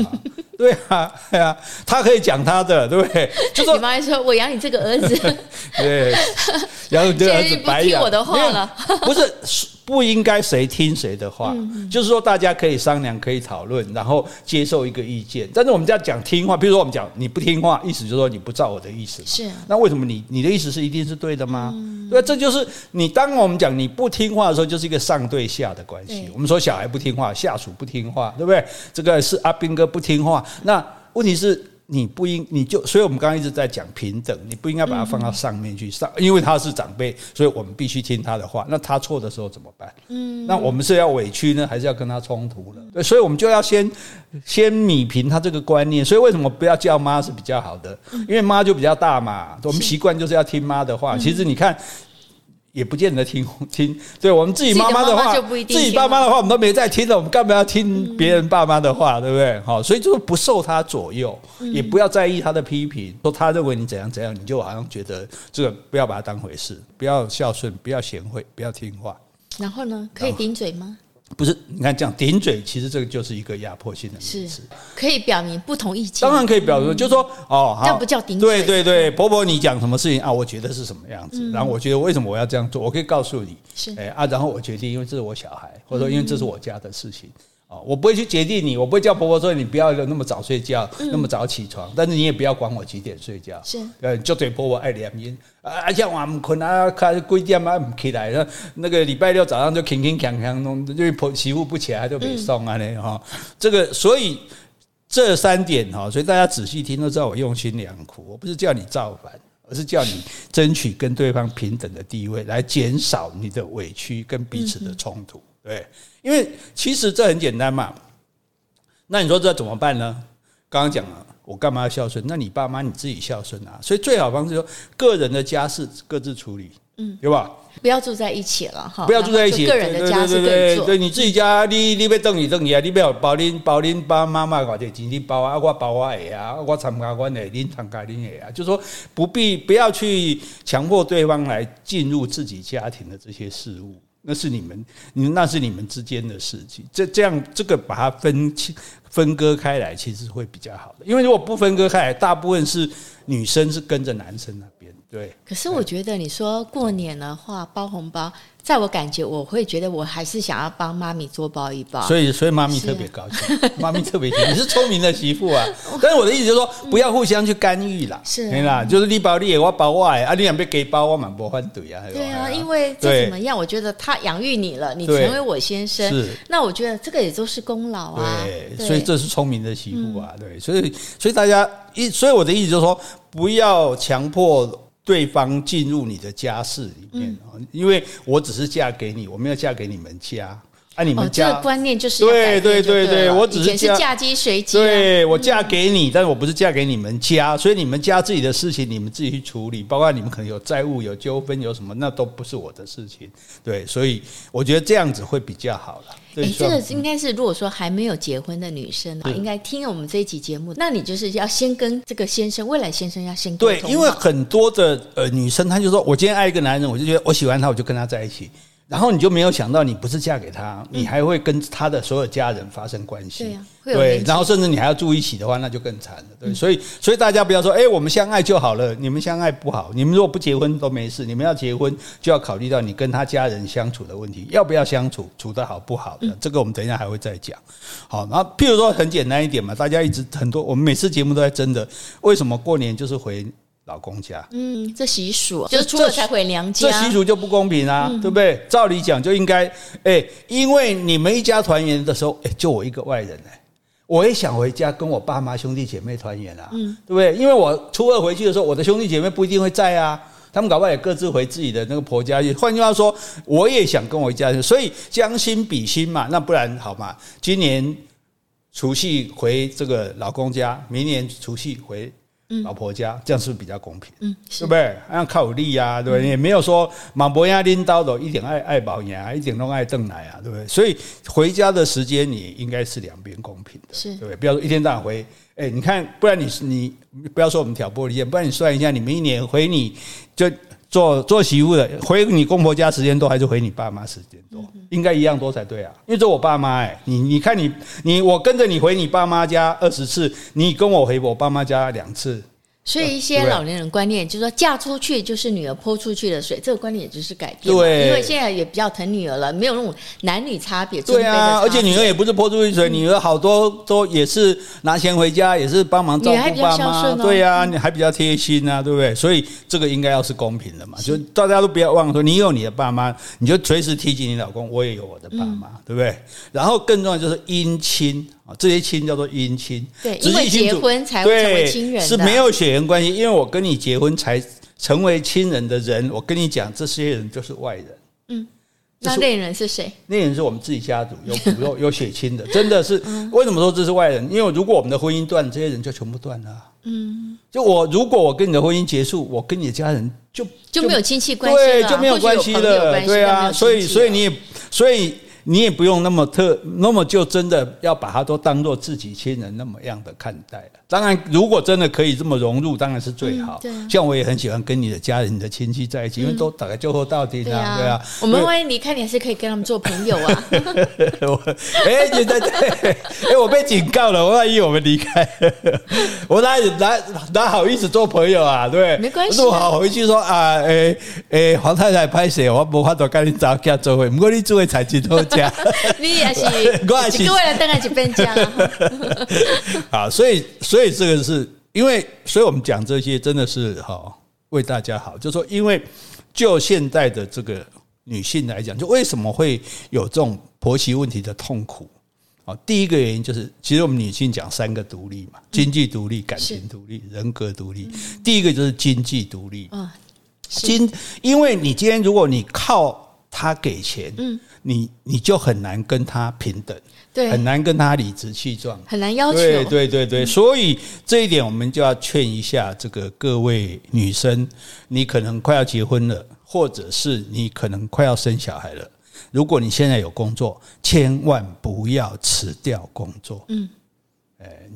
[SPEAKER 1] 對啊， 對啊，他可以講他的，對不對？
[SPEAKER 2] 就說 你媽說：“我養你
[SPEAKER 1] 這個兒子。 ”對，然後這個兒子白養，不聽我的話了， 不是。不應該誰聽誰的話，就是說大家可以商量，可以討論，然後接受一個意見。但是我們這樣講聽話，比如說我們講，你不聽話，意思就是說你不照我的意思。是那為什麼你你的意思是一定是對的嗎？對啊，這就是你。當我們講你不聽話的時候，就是一個上對下的關係。我們說小孩不聽話，下屬不聽話，對不對？這個是阿兵哥不聽話。那問題是，你不應，你就，所以我們剛剛一直在講平等，你不應該把它放到上面去上，因為他是長輩，所以我們必須聽他的話。那他錯的時候怎麼辦？嗯，那我們是要委屈呢，還是要跟他衝突呢？對，所以，我們就要先先弭平他這個觀念。所以，為什麼不要叫媽是比較好的？因為媽就比較大嘛，我們習慣就是要聽媽的話。其實你看。也不見得聽聽，對我們自己媽媽的話，自己的媽媽就不一定聽話。自己爸媽的話，我們都沒在聽的，我們幹嘛要聽別人爸媽的話，嗯、對不對？好，所以就是不受他左右，也不要在意他的批評，嗯，說他認為你怎樣怎樣，你就好像覺得這個不要把他當回事，不要孝順，不要賢慧，不要聽話。然後呢，
[SPEAKER 2] 可以頂嘴嗎？
[SPEAKER 1] 不是，你看這樣頂嘴，其實這個就是一個壓迫性的意思。
[SPEAKER 2] 可以表明不同意
[SPEAKER 1] 見。當然可以表示，就是說哦，那不叫頂嘴。對對對，婆婆你講什麼事情啊？我覺得是什麼樣子，然後我覺得為什麼我要這樣做，我可以告訴你。是哎啊，然後我決定，因為這是我小孩，或者說因為這是我家的事情、嗯。嗯我不會去接定你，我不會叫婆婆說你不要那麼早睡覺，嗯，那麼早起床，但是你也不要管我幾點睡覺。呃，就對婆婆愛憐你，而且我不困啊，開始貴點起來，那個禮拜六早上就勤勤懇懇弄，婆媳婦不起來就沒送啊哈。這個，所以這三點哈，所以大家仔細聽都知道我用心良苦。我不是叫你造反，而是叫你爭取跟對方平等的地位，來減少你的委屈跟彼此的衝突。嗯嗯對，因為其實這很簡單嘛。那你說這怎麼辦呢？剛剛講了，我幹嘛要孝順？那你爸媽你自己孝順啊。所以最好方式說，個人的家事各自處理，嗯，對吧？
[SPEAKER 2] 不要住在一起了哈，不要住在一起，個人的家事對以做。對，
[SPEAKER 1] 你自己家，你你別掙你你啊，你要包恁包恁爸媽媽或者錢包啊，我包我的啊，我參加我的，你參加你的呀，就是說不必不要去強迫對方來進入自己家庭的這些事務。那是你們，你那是你們之間的事情。這這樣，這個把它分清、分割開來，其實會比較好的。因為如果不分割開來，大部分是女生是跟着男生那邊，對。
[SPEAKER 2] 可是我覺得你說過年的話，包紅包。在我感覺，我會覺得我還是想要幫媽咪多包一包所，所以所以媽咪特別
[SPEAKER 1] 高興，媽咪特別 你是聰明的媳婦啊！但是我的意思就是說，不要互相去干預啦。是啦，就是你包你，我包我的，啊，你兩別給包，我滿不反對啊。對啊，
[SPEAKER 2] 因為這怎麼樣？我覺得他養育你了，你成為我先生，是那我覺得這個也都是功勞啊。對。對，所以這
[SPEAKER 1] 是聰明的媳婦啊。嗯、對，所以所以大家所以我的意思就是說，不要強迫。對方進入你的家室裡面啊、嗯，因為我只是嫁給你，我沒有嫁給你們家。啊，你們家，哦，這個觀
[SPEAKER 2] 念就是就對，對對對對，我只是，以前是嫁雞隨雞。對，
[SPEAKER 1] 我嫁給你，嗯，但是我不是嫁給你們家，所以你們家自己的事情你們自己去處理，包括你們可能有債務、有糾紛、有什麼，那都不是我的事情。對，所以我覺得這樣子會比較好啦。你這個應
[SPEAKER 2] 該是，如果說還沒有結婚的女生啊，嗯，應該聽我們這一期節目，那你就是要先跟這個先生，未來先生要先溝通。對，因為
[SPEAKER 1] 很多的呃女生，她就說，我今天愛一個男人，我就覺得我喜歡他，我就跟他在一起。然後你就沒有想到，你不是嫁給他，你還會跟他的所有家人發生關係、嗯對啊，對，然後甚至你還要住一起的話，那就更慘了。對，所以所以大家不要說，哎、欸，我們相愛就好了，你們相愛不好，你們如果不結婚都沒事，你們要結婚就要考慮到你跟他家人相處的問題，要不要相處，處得好不好的，這，這個我們等一下還會再講。好，那譬如說很簡單一點嘛，大家一直很多，我們每次節目都在爭的為什麼過年就是回？老公家，嗯，
[SPEAKER 2] 這習俗，就是初二才回娘家這，這
[SPEAKER 1] 習俗就不公平啊、嗯，對不對？照理講就應該，誒、欸、因為你們一家團圓的時候，誒、欸、就我一個外人、欸，誒我也想回家跟我爸媽兄弟姐妹團圓啊，嗯，對不對？因為我初二回去的時候，我的兄弟姐妹不一定會在啊，他們搞不好也各自回自己的那個婆家去。換句話說，我也想跟我一家去，所以將心比心嘛，那不然好嘛？今年除夕回這個老公家，明年除夕回。老婆家這樣是不是比較公平？嗯，是，對不對？像靠武力啊，對不對？嗯，也沒有說馬博亞拎刀的，一點愛愛保啊，一點都愛鄧來啊，對不對？所以回家的時間你應該是兩邊公平的，對不對？不要說一天到晚回，哎，你看，不然你你不要說我們挑撥離間，不然你算一下，你們一年回你就。做做媳婦的，回你公婆家時間多，還是回你爸媽時間多？嗯、應該一樣多才對啊！因為這我爸媽，哎，你你看你你，我跟着你回你爸媽家二十次，你跟我回我爸媽家兩次。
[SPEAKER 2] 所以一些老年人觀念就是說，嫁出去就是女兒潑出去的水，這個觀念也就是改變。對，因為現在也比較疼女兒了，沒有那種男女差別。對啊，而且女兒
[SPEAKER 1] 也不是潑出去的水，女兒好多都也是拿錢回家，也是幫忙照顧爸媽。對呀、啊，你還比較貼心啊，對不對？所以這個應該要是公平的嘛，就大家都不要忘了說，你有你的爸媽，你就隨時提醒你老公，我也有我的爸媽，對不對？然後更重要就是姻親。啊，這些親叫做姻親，對，因為結婚才會
[SPEAKER 2] 成為親人對，是沒有
[SPEAKER 1] 血緣關係。因為我跟你結婚才成為親人的人，我跟你講，這些人就是外人。嗯，
[SPEAKER 2] 那內人是誰？
[SPEAKER 1] 內人是我們自己家族有有血親的， 真的是為什麼說這是外人。因為如果我們的婚姻斷，這些人就全部斷了。嗯，就我如果我跟你的婚姻結束，我跟你的家人就就，就沒有
[SPEAKER 2] 親戚關係了、啊對，就沒有關係了，係對啊，所以
[SPEAKER 1] 所以你所以。你也不用那麼特，那麼就真的要把它都當做自己親人那麼樣的看待了。當然，如果真的可以這麼融入，當然是最好，嗯啊。像我也很喜歡跟你的家人、你的親戚在一起，嗯、因為都大概最後到底對啊，對啊，我們萬
[SPEAKER 2] 一離開，你還是可以跟他們做朋友
[SPEAKER 1] 啊。 我哎，哎、欸欸，我被警告了。萬一我們離開， 我哪哪哪好意思做朋友啊？對，沒關係。弄好回去說啊，哎哎，黃、啊欸欸、太太拍攝我無法度跟你在家做會。不過你做會才幾多家？ 你
[SPEAKER 2] 也是，我也是為了當
[SPEAKER 1] 家。啊， 所以所以。所以這個是因為，所以我們講這些真的是好，喔，為大家好，就是說因為就現在的這個女性來講，就為什麼會有這種婆媳問題的痛苦啊？第一個原因就是，其實我們女性講三個獨立嘛：經濟獨立、感情獨立、人格獨立。第一個就是經濟獨立，經因為你今天如果你靠他給錢，嗯，你你就很難跟他平等，很難跟他理直氣壯，很難要求。對對對對，對，嗯，所以這一點我們就要勸一下這個各位女生，你可能快要結婚了，或者是你可能快要生小孩了。如果你現在有工作，千萬不要辭掉工作，嗯。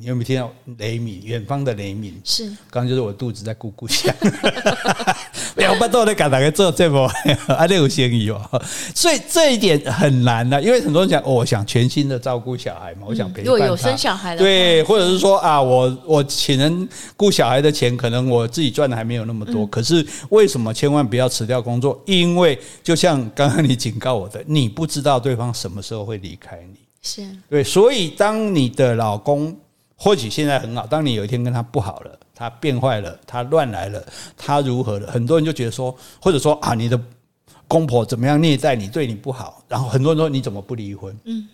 [SPEAKER 1] 你有沒有聽到雷鳴？遠方的雷鳴？是，剛剛就是我肚子在咕咕響。哈哈哈！哈哈哈，我不知道在個做這麼啊，這有嫌疑哦，所以這一點很難的、啊，因為很多人講、哦，我想全心的照顧小孩嘛，我想陪伴他、嗯。有有生小孩的對，或者是說啊，我我請人雇小孩的錢，可能我自己賺的還沒有那麼多、嗯。可是為什麼千萬不要辭掉工作？因為就像剛剛你警告我的，你不知道對方什麼時候會離開你。是、啊，對，所以當你的老公。或許現在很好，當你有一天跟他不好了，他變壞了，他亂來了，他如何了？很多人就覺得說，或者說啊，你的公婆怎麼樣虐待你，對你不好，然後很多人說你怎麼不離婚？嗯，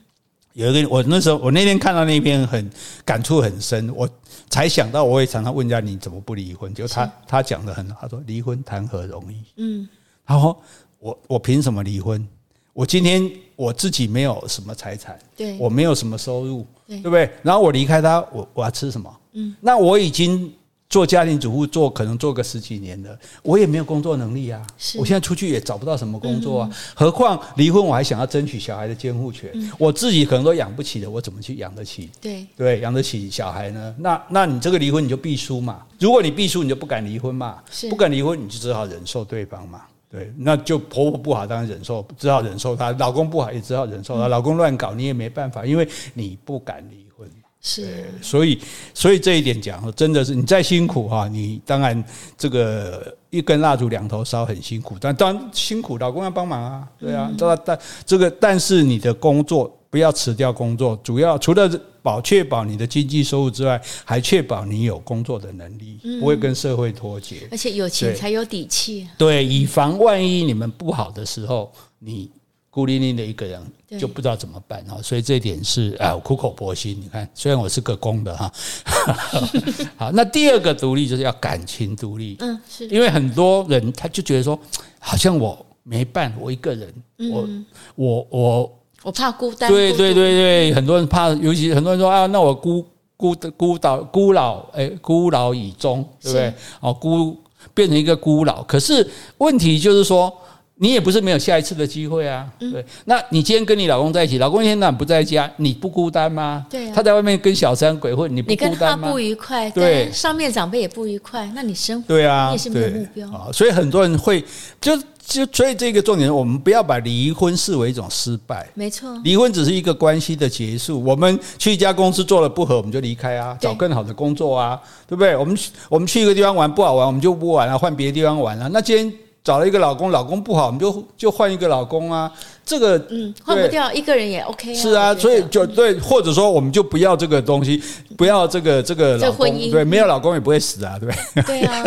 [SPEAKER 1] 有一個人我那時候我那天看到那篇很感觸很深，我才想到我也常常問人家你怎麼不離婚？就他他講的很好，他說離婚談何容易？嗯，他說我我憑什麼離婚？我今天我自己沒有什麼財產，對我沒有什麼收入。對，對不對？然後我離開他，我我要吃什麼？嗯，那我已經做家庭主婦做，可能做個十幾年了，我也沒有工作能力啊。是，我現在出去也找不到什麼工作啊。嗯，何況離婚，我還想要爭取小孩的監護權，嗯，我自己可能都養不起的，我怎麼去養得起？對對，養得起小孩呢？那那你這個離婚你就必輸嘛。如果你必輸，你就不敢離婚嘛。是，不敢離婚，你就只好忍受對方嘛。對，那就婆婆不好，當然忍受，只好忍受她。老公不好，也只好忍受他。老公亂搞，你也沒辦法，因為你不敢離婚。是，所以，所以這一點講，真的是你再辛苦哈，你當然這個一根蠟燭兩頭燒很辛苦，但當，當辛苦，老公要幫忙啊，對啊，但、嗯、這個，但是你的工作不要辭掉工作，主要除了。保確保你的經濟收入之外，還確保你有工作的能力，嗯、不會跟社會脫節。而且有錢才
[SPEAKER 2] 有底氣、
[SPEAKER 1] 啊。對，以防萬一你們不好的時候，你孤零零的一個人就不知道怎麼辦。所以這一點是啊，苦口婆心。你看，雖然我是個公的哈， 好，那第二個獨立就是要感情獨立。嗯，
[SPEAKER 2] 是。因為
[SPEAKER 1] 很多人他就覺得說，好像我沒伴，我一個人，
[SPEAKER 2] 我、嗯、我我。我我我怕孤單。對
[SPEAKER 1] 對對對，很多人怕，尤其很多人說啊，那我孤孤孤島孤老，誒、欸，孤老以終，對不對？哦，孤變成一個孤老。可是問題就是說，你也不是沒有下一次的機會啊。對，嗯、那你今天跟你老公在一起，老公一天到晚不在家，你不孤單嗎？對、啊，他在外面跟小三鬼混，你不孤單嗎？你跟他不愉快，
[SPEAKER 2] 對，上面長輩也不愉快，那你生
[SPEAKER 1] 活，對啊，你也是沒有目標啊，所以很多人會就。就所以這個重點，我們不要把離婚視為一種失敗。
[SPEAKER 2] 沒錯，離
[SPEAKER 1] 婚只是一個關係的結束。我們去一家公司做了不合，我們就離開啊，找更好的工作啊，對不對？我們去，我們去一個地方玩不好玩，我們就不玩了，換別的地方玩了、啊。那今天找了一個老公，老公不好，我們就就換一個老公啊。這個嗯，換不，
[SPEAKER 2] 不掉一個人也 OK、啊。是啊，
[SPEAKER 1] 所以就對，或者說我們就不要這個東西，不要這個這個老公婚姻。對，沒有老公也不會死啊，對不對？對啊，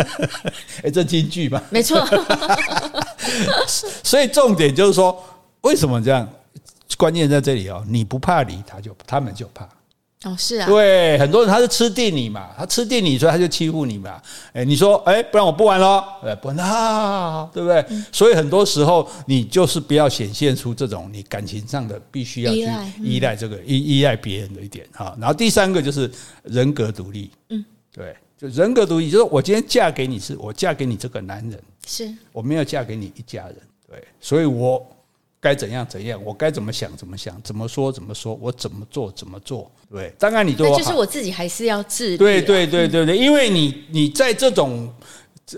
[SPEAKER 1] 哎，這金句嘛，沒錯。 所以重點就是說，為什麼這樣？關鍵在這裡哦。你不怕離，他就他們就怕哦。是啊，對，很多人他是吃定你嘛，他吃定你，所以他就欺負你嘛。哎，你說，哎，不然我不玩了，哎，不那，對不對？所以很多時候，你就是不要顯現出這種你感情上的必須要去依賴依賴這個依依賴別人的一點哈。然後第三個就是人格獨立，嗯，對，就人格獨立，就是我今天嫁給你，是我嫁給你這個男人。是，我沒有嫁給你一家人，對，所以我該怎樣怎樣，我該怎麼想怎麼想，怎麼說怎麼說，我怎麼做怎麼做，對，當然你都好，就是我
[SPEAKER 2] 自己還是要治，對對,對對對
[SPEAKER 1] 對對，因為你你在這種，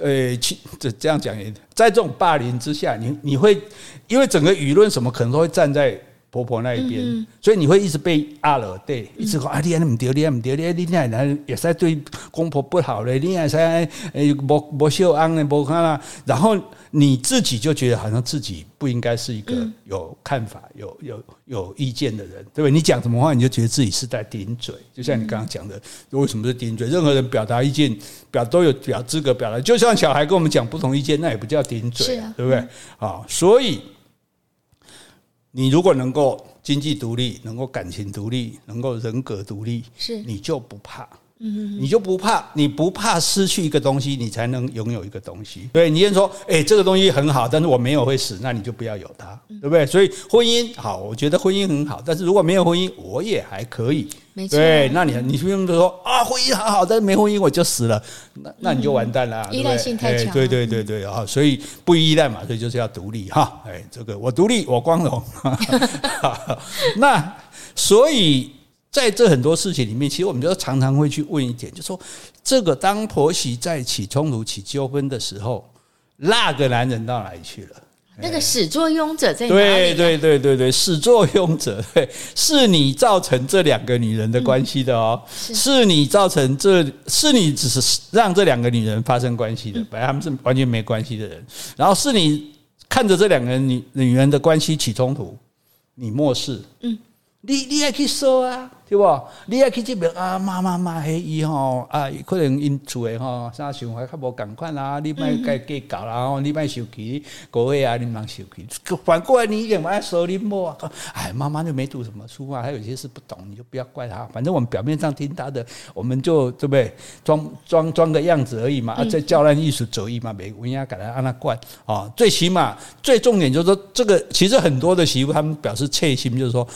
[SPEAKER 1] 呃，這這樣講，在這種霸凌之下，你你會因為整個輿論什麼，可能都會站在。婆婆那一邊、嗯，嗯、所以你會一直被阿了。對，一直講你弟你姆丟臉，你姆丟臉。你那樣人也是對公婆不好的，你外是博博秀安呢，看了。沒然後你自己就覺得好像自己不應該是一個有看法、有有有意見的人，對不對？你講什麼話，你就覺得自己是在頂嘴。就像你剛剛講的，為什麼是頂嘴？任何人表達意見表，表都有表資格表達。就像小孩跟我們講不同意見，那也不叫頂嘴，啊、對不對？好，所以。你如果能夠經濟獨立，能夠感情獨立，能夠人格獨立是，是你就不怕。嗯， 你就不怕？你不怕失去一個東西，你才能擁有一個東西。對，你先說，哎、欸，這個東西很好，但是我沒有會死，那你就不要有它，對不對？所以婚姻好，我覺得婚姻很好，但是如果沒有婚姻，我也還可以。沒錯，對，那你你不用說啊，婚姻很好，但是沒婚姻我就死了，那那你就完蛋了，嗯、對對依賴性太強、欸。對對對對啊，所以不依賴嘛，所以就是要獨立哈。哎、欸，這個我獨立，我光榮。 那所以。在這很多事情裡面，其實我們就常常會去問一點，就是說，這個當婆媳在起衝突、起糾紛的時候，那個男人到哪裡去
[SPEAKER 2] 了？那個始作俑者在哪裡？對
[SPEAKER 1] 對對對對，始作俑者對，是你造成這兩個女人的關係的哦，是你造成這、哦、是，是你只是你讓這兩個女人發生關係的，本來他們是完全沒關係的人，然後是你看着這兩個女女人的關係起衝突，你漠視，嗯。你你要去說啊，對不？你要去這邊啊，媽媽罵嘿伊吼啊，可能因做誒吼，啥想法較無同款啦，你咪該給搞啦，哦、嗯，你咪生氣，各位啊，你咪生氣。反過來你另外說你無啊，哎，媽媽就沒讀什麼書啊，還有些事不懂，你就不要怪她。反正我們表面上聽她的，我們就對不對？裝裝裝個樣子而已嘛，嗯、啊，這教人藝術主義嘛，沒人家敢來讓她怪啊。最起碼最重點就是說，這個其實很多的媳婦她們表示切心，就是說。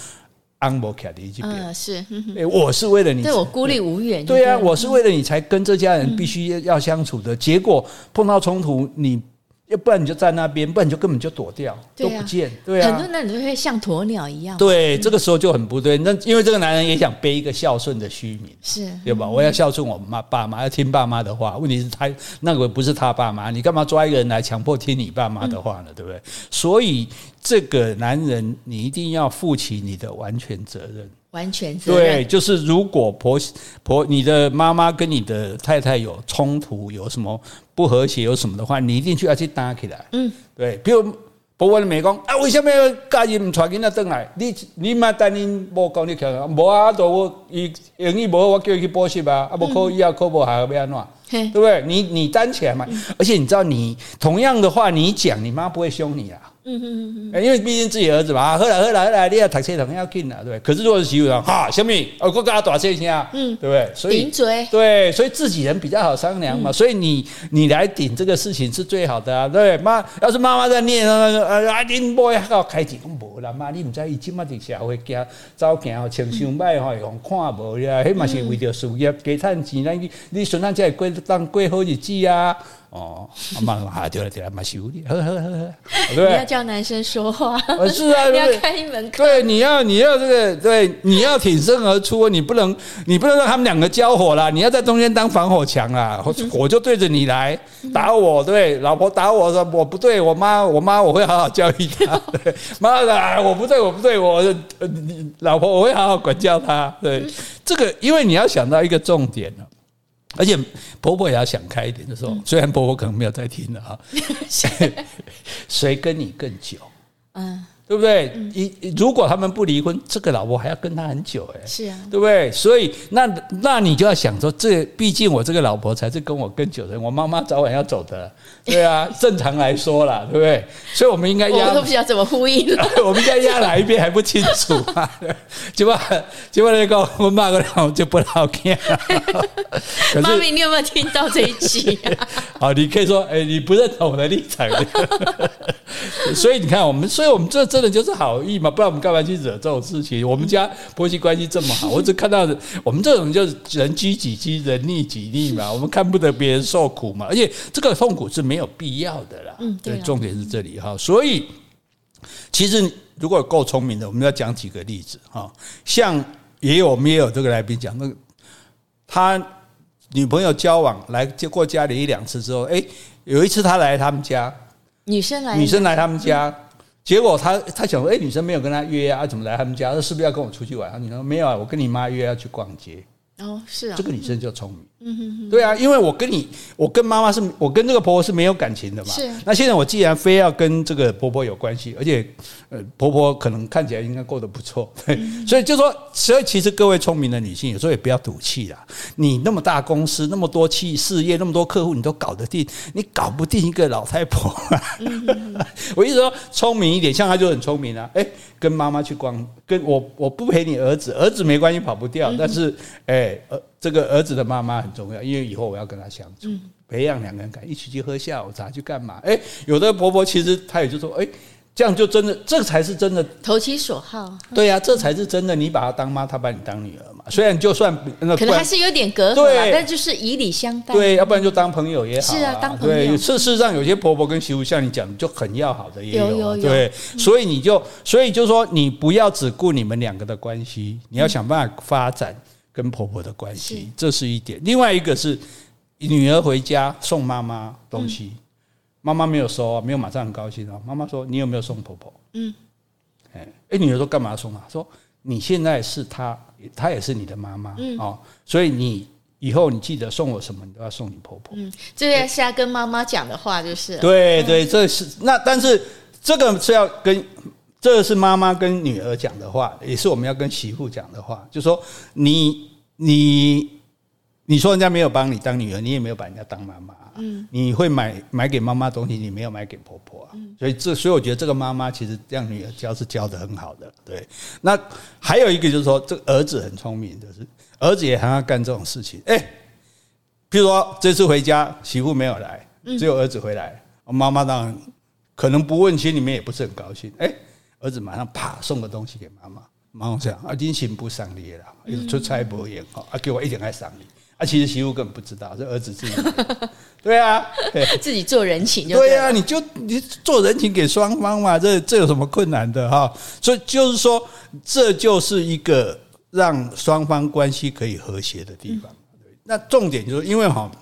[SPEAKER 1] 啊，
[SPEAKER 2] 是，我是為了你，對我孤立無援，對啊，我是為
[SPEAKER 1] 了你才跟這家人必須要相處的，結果碰到衝突你。要不然你就在那邊，不然你就根本就躲掉，啊、都不見。對啊，很多
[SPEAKER 2] 男人都會像鴕鳥一樣。對、
[SPEAKER 1] 嗯，這個時候就很不對。那因為這個男人也想背一個孝順的虛名，是對吧？我要孝順我媽、爸媽，要聽爸媽的話。問題是他那個不是他爸媽，你幹嘛抓一個人來強迫聽你爸媽的話呢？嗯、對不對？所以這個男人，你一定要負起你的完全責任。
[SPEAKER 2] 完全是。對，就
[SPEAKER 1] 是如果婆媳婆你的媽媽跟你的太太有衝突，有什麼不和諧，有什麼的話，你一定就要去擔、啊、起來。嗯，對，比如婆婆的沒講啊，為什麼家人唔傳緊啊？回來你你媽擔你無講你看，無啊？都我英語不好，我叫你去補習啊？啊不可以啊，考不好不要鬧，嗯、對不對？你你擔起來嘛！嗯、而且你知道你，你同樣的話你講，你媽不會兇你啊。嗯哼嗯哼嗯嗯，因為畢竟自己兒子嘛，好啦好啦好啦，你要讀書堂要緊啦，對。可是如果是媳婦啊，哈，小敏，我個家大事情啊，嗯，對不對？所以頂嘴，對，所以自己人比較好商量嘛。嗯、所以你你來頂這個事情是最好的啊，對。媽，要是媽媽在念，那個呃，啊，丁 boy 好開錢都無啦，媽，你唔知伊今麥在社會行走行哦，穿傷歹哦，讓看無呀，迄、嗯、嘛是為着事業加趁錢啦，你你順產起過當過好日子啊。哦，媽媽說啊，對了對了，蠻犀利，呵呵呵呵。你要
[SPEAKER 2] 叫男生說話，是啊， 你要開一門
[SPEAKER 1] 課。對，你要你要這個，對，你要挺身而出，你不能你不能讓他們兩個交火了，你要在中間當防火牆啊，火就對着你來打我，對，老婆打我說我不對我媽我媽我會好好教育她，媽的，我不對我不對我你老婆我會好好管教她。對，這個因為你要想到一個重點而且婆婆也要想開一點，就說，雖然婆婆可能沒有在聽了啊，誰跟你更久？嗯。對不對？一、嗯、如果他們不離婚，這個老婆還要跟他很久，哎，是啊，對不對？所以那那你就要想說，這畢竟我這個老婆才是跟我更久的，我媽媽早晚要走的，對啊， 正常來說啦，對不對？所以我們應該壓，我都不知
[SPEAKER 2] 道怎麼呼應了，
[SPEAKER 1] 了 我們應該壓哪一邊還不清楚，就怕就怕那個我罵過我就不好聽。媽咪，
[SPEAKER 2] 你有沒有聽到這一集、
[SPEAKER 1] 啊、 好，你可以說，哎，你不認同我的立場， 所以你看我們，所以我們這。真的就是好意嘛？不然我們幹嘛去惹這種事情？我們家婆媳關係這麼好，我只看到我們這種就是人飢己飢，人溺己溺嘛。我們看不得別人受苦嘛，而且這個痛苦是沒有必要的啦。嗯，對，重點是這裡哈。所以其實如果有夠聰明的，我們要講幾個例子哈。像也有我們也有這個來賓講，那個他女朋友交往來過家裡一兩次之後，哎，有一次他來他們家，女生來，女生來他們家、嗯。結果他他想說，哎，女生沒有跟他約啊，怎麼來他們家？說是不是要跟我出去玩？你說沒有啊，我跟你媽約要去逛街。哦，
[SPEAKER 2] 是啊，這個女
[SPEAKER 1] 生就聰明。嗯。對啊，因為我跟你，我跟媽媽是，我跟這個婆婆是沒有感情的嘛。是。那現在我既然非要跟這個婆婆有關係，而且，呃，婆婆可能看起來應該過得不錯，所以就是說，所以其實各位聰明的女性，有時候也不要賭氣啦。你那麼大公司，那麼多企事業，那麼多客戶，你都搞得定，你搞不定一個老太婆啊。嗯。我一直說，聰明一點，像她就很聰明啊。誒，跟媽媽去逛，跟我我不陪你兒子，兒子沒關係，跑不掉。但是，誒。這個兒子的媽媽很重要，因為以後我要跟他相處，培養兩個人感，一起去喝下午茶，去幹嘛？哎、欸，有的婆婆其實她也就說，哎、欸，這樣就真的，這才是真的投其所
[SPEAKER 2] 好。對呀、啊，這
[SPEAKER 1] 才是真的，你把她當媽，她把你當女兒嘛。嗯、雖然就算可能還是
[SPEAKER 2] 有點隔閡，但就是以禮相待。對，要
[SPEAKER 1] 不然就當朋友也好、啊。是啊，當朋友。是事實上，有些婆婆跟媳婦像你講就很要好的也有、啊有，有，有。對、嗯，所以你就所以就說，你不要只顧你們兩個的關係，你要想辦法發展。嗯跟婆婆的關係，這是一點。另外一個是女兒回家送媽媽東西、嗯，媽媽沒有收、啊，沒有馬上很高興。媽媽說：“你有沒有送婆婆？”嗯，哎、欸，女兒說：“幹嘛送啊？”說：“你現在是她，她也是你的媽媽啊，所以你以後你記得送我什麼，你都要送你婆婆。”
[SPEAKER 2] 嗯，這個是要跟媽媽講的話，就是、嗯、對對、對，
[SPEAKER 1] 這是那但是這個是要跟。這是媽媽跟女兒講的話，也是我們要跟媳婦講的話。就是說你你你說人家沒有幫你當女兒，你也沒有把人家當媽媽。嗯，你會買買給媽媽東西，你沒有買給婆婆，啊。所以這所以我覺得這個媽媽其實讓女兒教是教得很好的。對，那還有一個就是說，這個兒子很聰明，就是兒子也常常幹這種事情。哎，譬如說這次回家媳婦沒有來，只有兒子回來，媽媽當然可能不問心裡面也不是很高興。哎。兒子馬上啪送個東西給媽媽，媽媽這樣啊，媳婦送你的啦，就出差不遠哈，啊給我一定要送你啊，其實媳婦根本不知道這兒子自己 對、啊，
[SPEAKER 2] 對啊，自己做人情就好對，對啊，你
[SPEAKER 1] 就你做人情給雙方嘛，這這有什麼困難的哈、哦。所以就是說，這就是一個讓雙方關係可以和諧的地方。嗯、那重點就是因為哈、哦。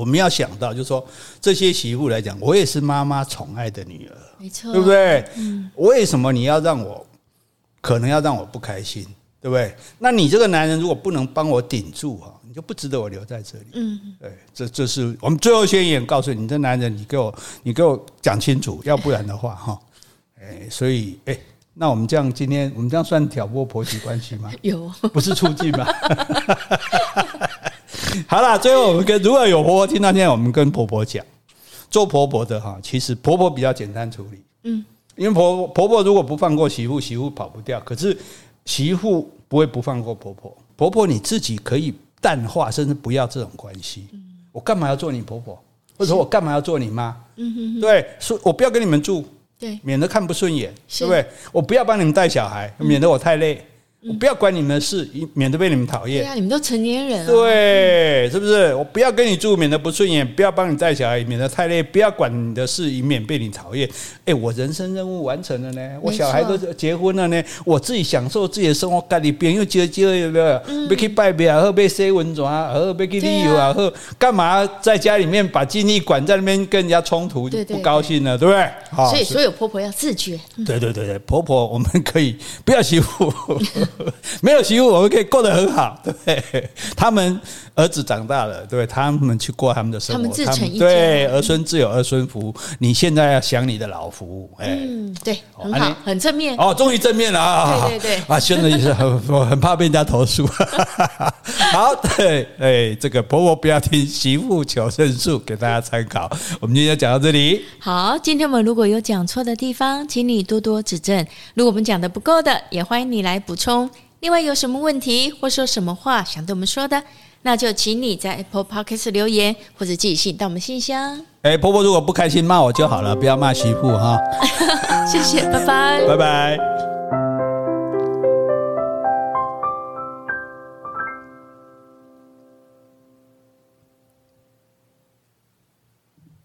[SPEAKER 1] 我們要想到，就是說這些媳婦來講，我也是媽媽寵愛的女兒，沒
[SPEAKER 2] 錯，對不對？
[SPEAKER 1] 嗯，為什麼你要讓我，可能要讓我不開心，對不對？那你這個男人如果不能幫我頂住哈，你就不值得我留在這裡。嗯，對，這這是我們最後宣言，告訴你，你這男人，你給我，你給我講清楚，要不然的話哈，哎，所以哎，那我們這樣，今天我們這樣算挑撥婆媳關係嗎？有，不是促進嗎？ 好了，最後我們跟如果有婆婆聽到，現在我們跟婆婆講，做婆婆的哈，其實婆婆比較簡單處理，嗯，因為婆婆婆婆如果不放過媳婦，媳婦跑不掉，可是媳婦不會不放過婆婆，婆婆你自己可以淡化，甚至不要這種關係，我幹嘛要做你婆婆，或者說我幹嘛要做你媽，嗯哼哼，對，我不要跟你們住，對，免得看不順眼，對不對？我不要幫你們帶小孩，免得我太累。我不要管你們的事，以免得被你們討厭、
[SPEAKER 2] 嗯。對啊，你們都成年
[SPEAKER 1] 人了、啊、對、嗯，是不是？我不要跟你住，免得不順眼；不要幫你帶小孩，免得太累；不要管你的事，以免被你討厭。哎、欸，我人生任務完成了呢，我小孩都結婚了呢，我自己享受自己的生活，干你別人又接了有沒有？被、嗯、去拜然後被塞蚊帳，後被去理由啊，後幹嘛在家裡面把精力管在那邊跟人家衝突，就不高興了，對不對？所以，所有
[SPEAKER 2] 婆婆要自覺。
[SPEAKER 1] 對對對對，婆婆我們可以不要欺負。 沒有媳婦，我們可以過得很好。對不對？他們。兒子長大了，對他們去過他們的生活，他們，自成他們對兒孫自有兒孫福。你現在要想你的老福，哎、欸
[SPEAKER 2] 嗯，對，很好，啊，很正面哦，終於正面了啊，哦！對對對，啊，現在
[SPEAKER 1] 也是很 很怕被人家投訴。 好，對，哎，這個婆婆不要聽媳婦求生術，給大家參考。我們今天就講到這裡。
[SPEAKER 2] 好，今天我們如果有講錯的地方，請你多多指正。如果我們講的不夠的，也歡迎你來補充。另外，有什麼問題或說什麼話想對我們說的？那就請你在 Apple Podcast 留言，或者寄信到我們信箱，
[SPEAKER 1] 欸。哎，婆婆如果不開心罵我就好了，不要罵媳婦哈。
[SPEAKER 2] 謝謝，拜拜，拜，拜，拜
[SPEAKER 1] 拜。